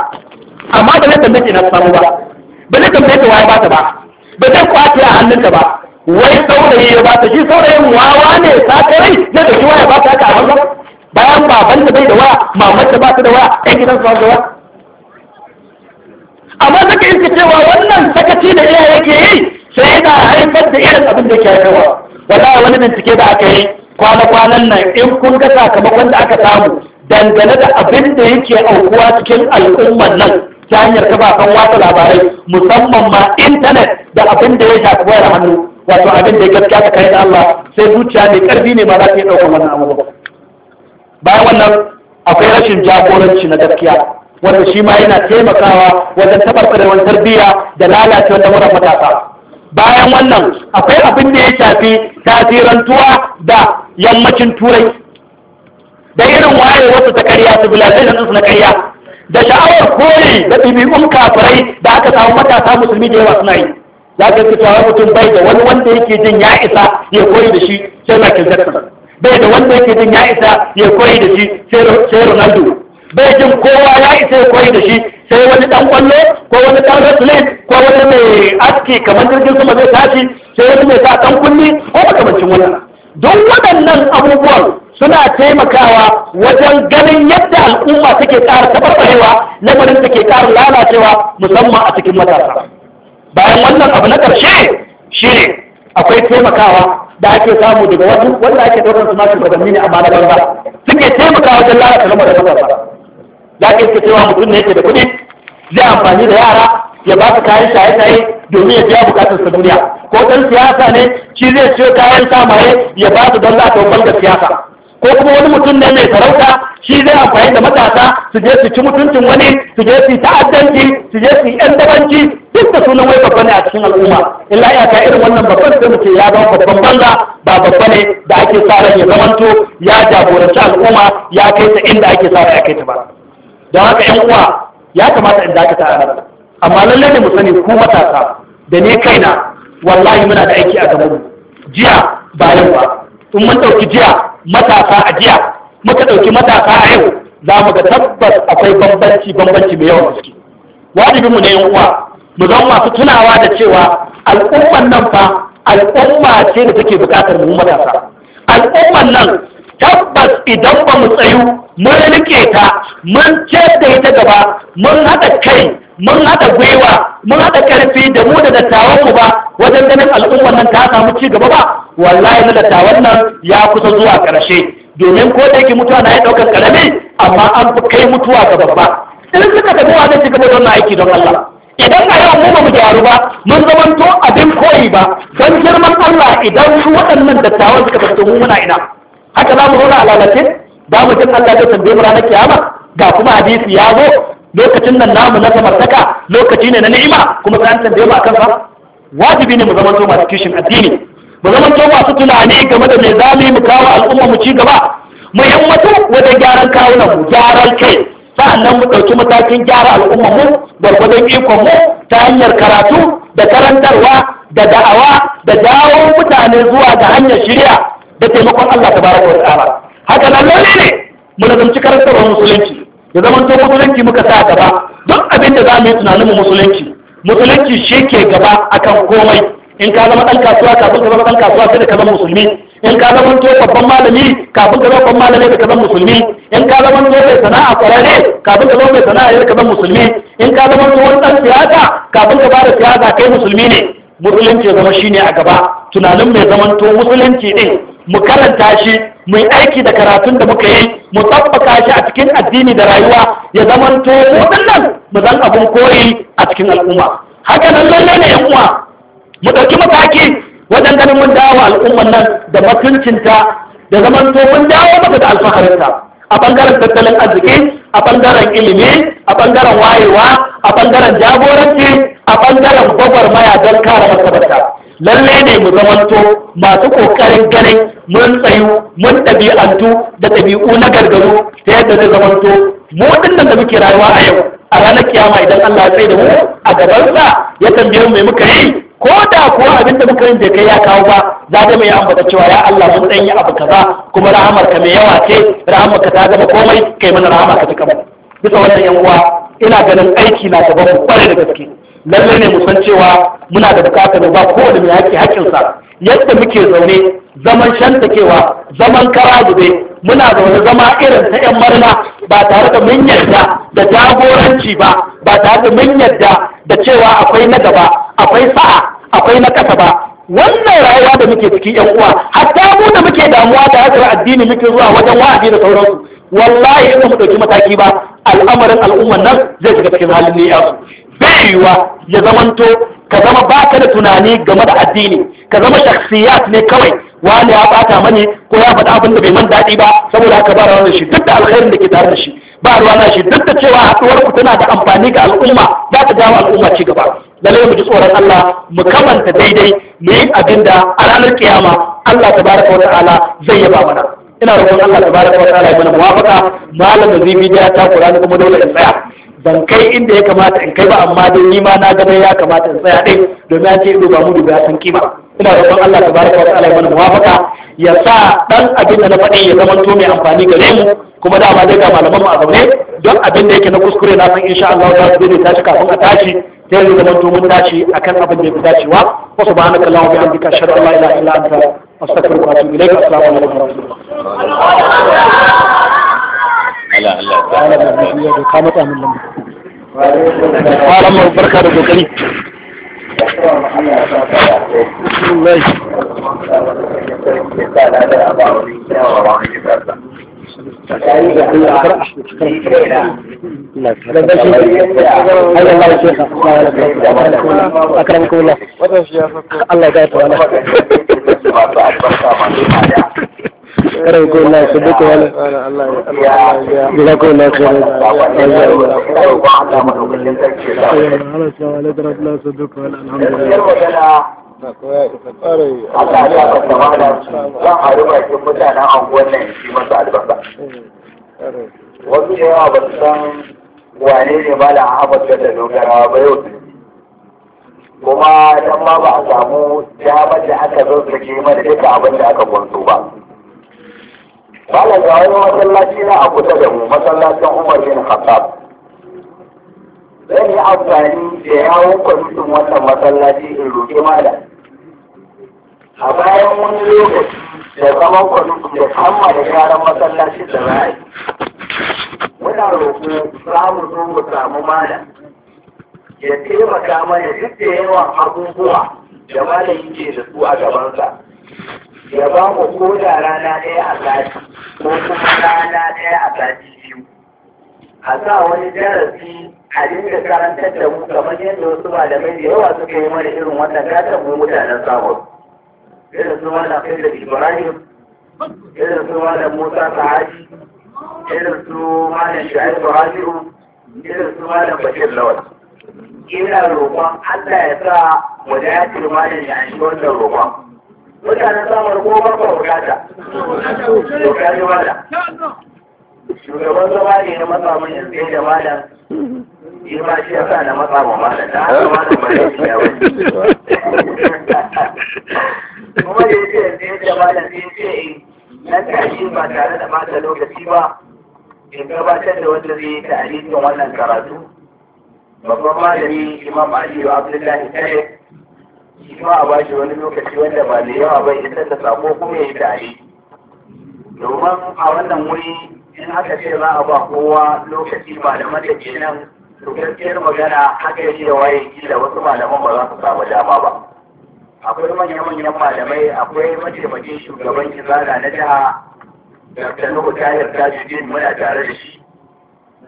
amma ba zai tambaye na samu ba ba zai tambaye ta waya ba ta ba ba zai kwafi a hannunka ba wai saurayi ya ba ta shi saurayi wawa ne sakarai ya da waya ba ta ka a hannun bayan baban da bai da waya mamar da ba ta da waya ɗan gidan su ba da waya amma zaka yi cewa wannan sakaci da iyaye ke yi sai yana haifar da irin abin da ke haifarwa wallahi wani bincike da aka yi kwana-kwanan nan in kun ga sakamakon da aka samu dangane da abin da yake aukuwa cikin al'ummar nan ta hanyar kafafen watsa labarai musamman ma intanet da abin da ya shafi wayar hannu wato abin da ya gaskiya ta kai Allah sai zuciya mai karfi ne ba za ta yi ɗaukar wannan abu ba bayan wannan akwai rashin jagoranci na gaskiya wanda shi ma yana taimakawa wajen tabarbarewar tarbiyya da lalacewa da wurin matasa bayan wannan akwai abin da ya shafi tasirantuwa da yammacin turai da irin wasu ta karya civilization na karya da sha'awar koyi da ɗabi'un kafirai da aka samu matasa musulmi da yawa suna yi za ka ga cewa mutum bai da wani wanda yake jin ya isa ya koyi da shi sai kin Jackson bai da wanda yake jin ya isa ya koyi da shi sai Ronaldo bai jin kowa ya isa ya koyi da shi sai wani dan kwallo ko wani dan wrestling ko wani mai aski kamar jirgin sama zai tashi sai wani mai sa dan kunni ko makamancin wannan don waɗannan abubuwan suna taimakawa wajen ganin yadda al'umma take ƙara tabarbarewa lamarin take ƙara lalacewa musamman a cikin matasa bayan wannan abu na ƙarshe ne akwai taimakawa da ake samu daga wasu wanda ake ɗaukar su masu gabanni ne a na ba suke taimakawa wajen lalata lamarin matasa za ka iya cewa mutum ne yake da kuɗi zai amfani da yara ya ba su kayan shaye-shaye domin ya biya bukatar sa duniya ko ɗan siyasa ne shi zai ciyo kayan samaye ya ba su don lata da siyasa ko kuma wani mutum ne mai sarauta shi zai amfani da matasa su je su ci mutuncin wani su je su ta'addanci su je su yan dabanci duk da sunan wai babban ne a cikin al'umma illa ya ka irin wannan babban sai mutum ya zama babban banza ba babba ne da ake sa ran ya zamanto ya jagoranci al'umma ya kai ta inda ake sa ran ya kai ta ba don haka yan uwa ya kamata in dakata a nan amma lalle ne mu sani ku matasa da ni kaina wallahi muna da aiki a gaban jiya bayan ba in mun ɗauki jiya matasa a jiya muka ɗauki matasa a yau za mu ga tabbas akwai bambanci bambanci mai yawan gaske mu ne yan uwa mu zama masu tunawa da cewa al'umman nan fa al'umma ce da take buƙatar mu matasa al'umman nan tabbas idan ba mu tsayu mun rike ta mun ce da ita gaba mun haɗa kai mun haɗa gwiwa mun haɗa ƙarfi da mu da dattawan mu ba wajen ganin al'ummar nan ta samu ci gaba ba wallahi na dattawan nan ya kusa zuwa ƙarshe domin ko da yake mutuwa na ya ɗaukar ƙarami amma an fi kai mutuwa ga babba in suka tafi wa zai ci gaba don aiki don Allah idan a yau mu ba mu gyaru ba mun zamanto abin koyi ba don girman Allah idan su waɗannan dattawan suka fito mu muna ina haka za mu zauna a lalace ba mu jin Allah zai tambaye mu ranar kiyama ga kuma hadisi ya zo lokacin nan namu na samartaka lokaci ne na ni'ima kuma sai an tambaye mu akan fa wajibi ne mu zama to masu kishin addini mu zama to masu tunani game da me zamu mu kawo al'umma mu ci gaba mu yammatu wajen gyaran kawunan mu gyaran kai sa'annan mu ɗauki matakin gyara al'umma mu gwargwadon ikon mu ta hanyar karatu da karantarwa da da'awa da dawo mutane zuwa ga hanyar shirya da taimakon Allah tabaraka wa ta'ala haka nan ne mu nazarci karantarwar musulunci ya zama to musulunci muka sa gaba don abin da za mu yi tunanin mu musulunci musulunci shi ke gaba akan komai in ka zama ɗan kasuwa kafin ka zama ɗan kasuwa sai da ka zama musulmi in ka zama to babban malami kafin ka zama babban malami da ka zama musulmi in ka zama to mai sana'a kwararre kafin ka zama mai sana'a da ka zama musulmi in ka zama to wani dan siyasa kafin ka fara siyasa kai musulmi ne musulunci ya zama shine a gaba tunanin mai zaman to musulunci din mu karanta shi mu yi aiki da karatun da muka yi mu tabbata shi a cikin addini da rayuwa ya zama to nan mu zan abin koyi a cikin al'umma haka nan lallai ne yan uwa mu ɗauki mataki wajen ganin mun dawo al'umman nan da mutuncinta da zaman to mun dawo maka da alfaharinta a bangaren tattalin arziki a bangaren ilimi a bangaren wayewa a bangaren jagoranci a bangaren gwagwarmaya don kare martabarta lalle ne mu zamanto masu kokarin ganin mun tsayu mun ɗabi'antu da ɗabi'u na gargaru ta yadda zai zamanto mu dinnan da muke rayuwa a yau a ranar kiyama idan Allah sai da mu a gabansa ya tambaye mu muka yi ko da kuwa abin da muka yi bai kai ya kawo ba za ga mai ambata cewa ya Allah mun dan yi abu kaza kuma rahamar ka mai yawa ce rahamar ka ta gaba komai kai mana rahama ka ta kama bisa wannan yan uwa ina ganin aiki na gaba ku kwarai da gaske Lallai ne mu san cewa muna da bukatar ba kowane mai haƙƙi haƙƙinsa yadda muke zaune zaman shantakewa zaman kara dube muna zaune zama irin ta yan marna ba tare da mun yarda da jagoranci ba ba tare da mun yarda da cewa akwai na gaba akwai sa'a akwai na ƙasa ba wannan rayuwa da muke ciki yan uwa hatta mu da muke damuwa da hasar addini muke zuwa wajen wa'azi da sauransu wallahi in mu ɗauki mataki ba al'amarin al'umman nan zai shiga cikin halin ne bayuwa yiwuwa ya zamanto ka zama baka da tunani game da addini ka zama shakhsiyat ne kawai wani ya bata mani ko ya faɗa abin da bai man daɗi ba saboda haka ba rawar shi duk da alkhairin da ke tare da shi ba ruwa na shi duk da cewa haɗuwar ku tana da amfani ga al'umma za ta jawo al'umma ci gaba lalle mu ji tsoron Allah mu kamanta daidai mu yi abin a ranar kiyama Allah tabaraka wa ta'ala zai yaba mana ina roƙon Allah tabaraka wa ta'ala ya mana muwafaka malamin da zibi ya ta kula da kuma dole in tsaya ban kai inda ya kamata in kai ba amma dai ni ma na gaba ya kamata in tsaya dai domin ya ce ido ba mu da san kima Ina roƙon Allah tabaraka wa ta'ala ya mana muwafaka ya sa dan abin da na faɗi ya zama to mai amfani gare mu kuma da ba dai ga malaman mu a zaune don abin da yake na kuskure na san insha Allah za su ta shi kafin a tashi sai ya zama to mun tashi akan abin da ya fi dacewa wa subhanaka allahumma wa bihamdika ashhadu an la ilaha illa anta astaghfiruka wa atubu ilaik assalamu alaikum wa rahmatullahi malam Allah ya malam da ka mata min lamba malam mu barka da ta Bismillah. أكرمكم الله الله يبارك أكرمكم الله يسلمكم جزاكم الله خيرا الله يسلمك الحمد لله Allah ya kasa mana zan haru bakin mutanen anguwan nan shi masa albasa. Wasu da yawa ba su san wane ne malam Ahmad da dogara ba yau sun kuma dan ma ba a samu damar da aka zo su ke mana duka abin da aka gwanto ba. Malam ga wani masallaci na a kusa da mu masallacin Umar bin Khattab. Zan yi amfani da yawon kwamitin wannan masallaci in roƙi malam. a bayan wani lokaci da zaman kwanu da kama da gyaran masallacin da za a yi muna roƙo samun mu zo mu samu malam ya taimaka mana duk da yawan abubuwa da malam yake da su a gabansa ya ba mu ko da rana ɗaya a sati ko kuma rana ɗaya a sati biyu a sa wani darasi a dinga karantar da mu kamar yadda wasu malamai da yawa suka yi mana irin wannan gatan mu mutanen samun irin su malam Idris Ibrahim irin su malam Musa Sa'adi irin su malam Shaibu Rabi'u irin su malam Bashir Lawal ina roƙon Allah ya sa wajen yakin malam ya shi wannan roƙon mutanen samar ko ba ba bukata bukata mala shugaban zama ne na matsamin yanzu da malam shi ma shi yasa na matsa ma malam da haka malam ba ya ciya wani kuma da yake yanzu ya ce malam sai ce in nan tashi ba tare da bata lokaci ba in gabatar da wanda zai yi ta'alifin wannan karatu babban malami imam Ali aliyu abdullahi kare shi ma a bashi wani lokaci wanda ba da yawa bai isar da sako kuma ya yi ta'alifi domin a wannan wuri in aka ce za a ba kowa lokaci ba da matafi nan to gaskiyar magana haka yake da waye kila wasu malaman ba za su samu dama ba akwai manya-manyan malamai akwai mataimakin shugaban kizana na jiha da nuhu tahir tajudin muna tare da shi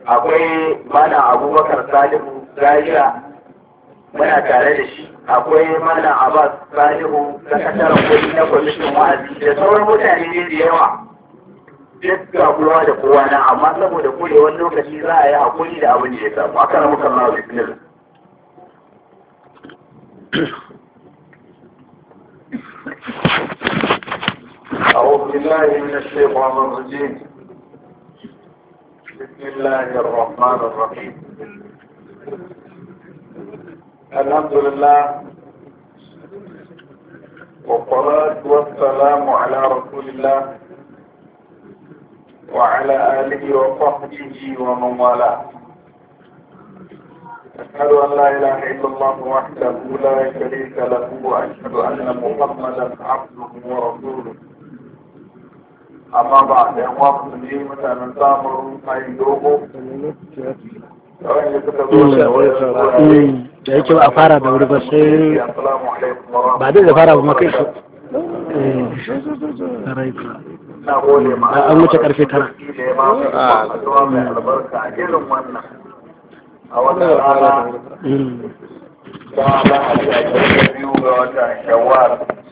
akwai mana abubakar salihu zahira muna tare da shi akwai mana abbas salihu sakataren kudi na kwamishin wa'azi da sauran mutane ne da yawa duk ga kowa da kowa na amma saboda wani lokaci za a yi hakuri da abin da ya samu aka na muka mawa bismillah أعوذ بالله من الشيطان الرجيم بسم الله الرحمن الرحيم الحمد لله والصلاة والسلام على رسول الله وعلى آله وصحبه ومن والاه أشهد أن لا إله إلا الله وحده لا شريك له وأشهد أن محمدا عبده ورسوله أما بعد أمام سليم أن تامر أيدوه yawan da suka zo da yake ba a fara da wuri ba sai ba dai da fara ba makai su an wuce karfe tara ah. mm. Mm. a wannan rana ta biyu ga wata shawar